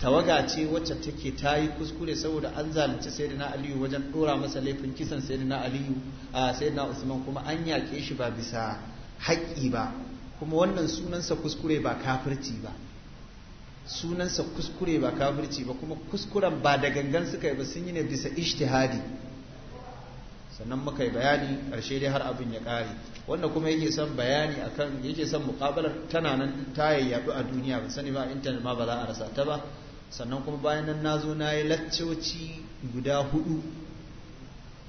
tawaga ce wacce take ta yi kuskure saboda an zalunci sayyidina aliyu wajen dora masa laifin kisan sayyidina aliyu a sayyidina usman kuma an yaƙe shi ba bisa haƙƙi ba kuma wannan sunansa kuskure ba kafirci ba sunansa kuskure ba kafirci ba kuma kuskuren ba da gangan suka yi ba sun yi ne bisa ishtihadi sannan muka yi bayani ƙarshe dai har abin ya ƙare wanda kuma yake son bayani akan yake son muƙabalar tana nan ta yayyaɓu a duniya ba sani ba intanet ma ba za a rasa ta ba sannan kuma bayan nan na zo na yi laccoci guda hudu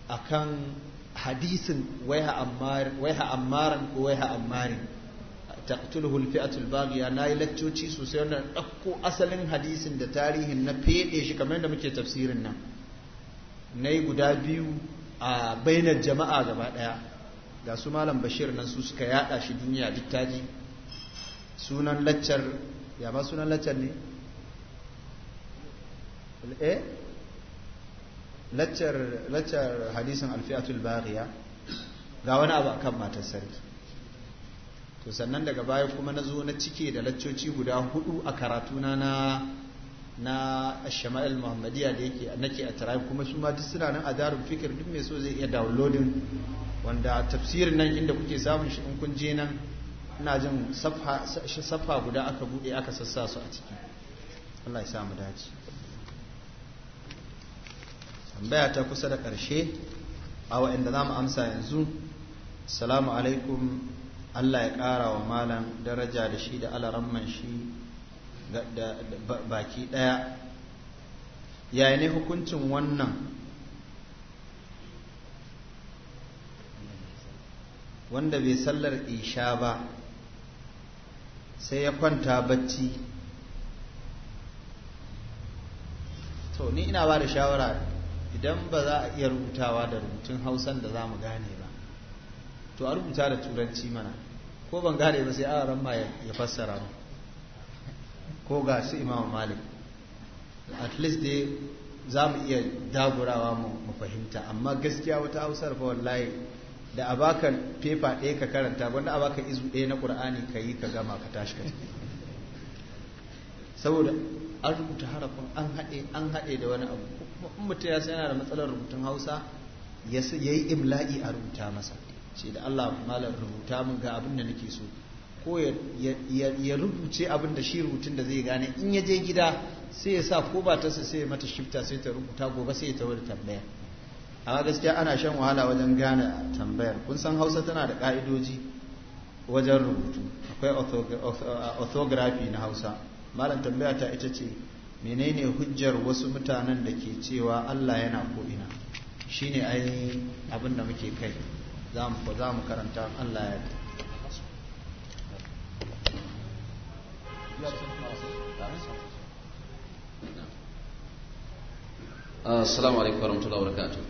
akan hadisin waiha ammarin ko waiha ammarin taqtuluhu alfi'atu albaghiya al nayi laccoci sosai wannan ɗauko asalin hadisin da tarihin na fede shi kamar yadda muke tafsirin nan nayi guda biyu a bainar jama'a gaba daya ga su malam bashir nan su suka yada shi duniya duk taji sunan laccar ya ba sunan laccar ne eh laccar laccar hadisin alfi'atu albaghiya ga wani abu akan matar sarki to sannan daga baya kuma na zo na cike da laccoci guda hudu a karatuna na na shama'il muhammadiyya da yake nake a tarayi kuma su ma duk suna nan a darun fikir duk mai so zai iya downloading wanda tafsirin nan inda kuke samun shi in kun je nan ina jin safa guda aka bude aka sassa su a ciki Allah ya samu dace tambaya ta kusa da karshe a wa'anda za mu amsa yanzu assalamu alaikum Allah ya ƙara wa malam daraja da shi da alaramman shi da baki ɗaya yaya ne hukuncin wannan wanda bai sallar isha ba sai ya kwanta bacci to ni ina ba da shawara idan ba za a iya rubutawa da rubutun hausan da za mu gane ba to a rubuta da turanci mana ko ban gane ba sai a ran ma ya fassara ba ko ga su imam malik at least dai za mu iya dagurawa mu fahimta amma gaskiya wata hausar fa wallahi da a baka pepa ɗaya ka karanta wanda a baka izu ɗaya na ƙur'ani ka yi ka gama ka tashi ka saboda an rubuta harafin an haɗe an haɗe da wani abu kuma in mutum ya san yana da matsalar rubutun hausa ya yi imla'i a rubuta masa ce da Allah malar rubuta min ga abin da nake so ko ya rubuce abin da shi rubutun da zai gane in ya je gida sai ya sa ko ba ta sai ya mata shifta sai ta rubuta gobe sai ya tawo tambaya amma gaskiya ana shan wahala wajen gane tambayar kun san hausa tana da ka'idoji wajen rubutu akwai uh, orthography na hausa malam tambaya ta ita ce menene hujjar wasu mutanen da ke cewa allah yana ko'ina shine ainihin abin da muke kai za mu karanta Allah ya uh, Assalamu alaikum warahmatullahi wabarakatuh.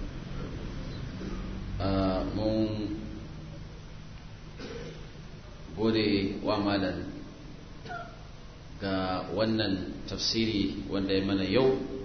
Uh, mun gode wa malam ga wannan tafsiri wanda ya mana yau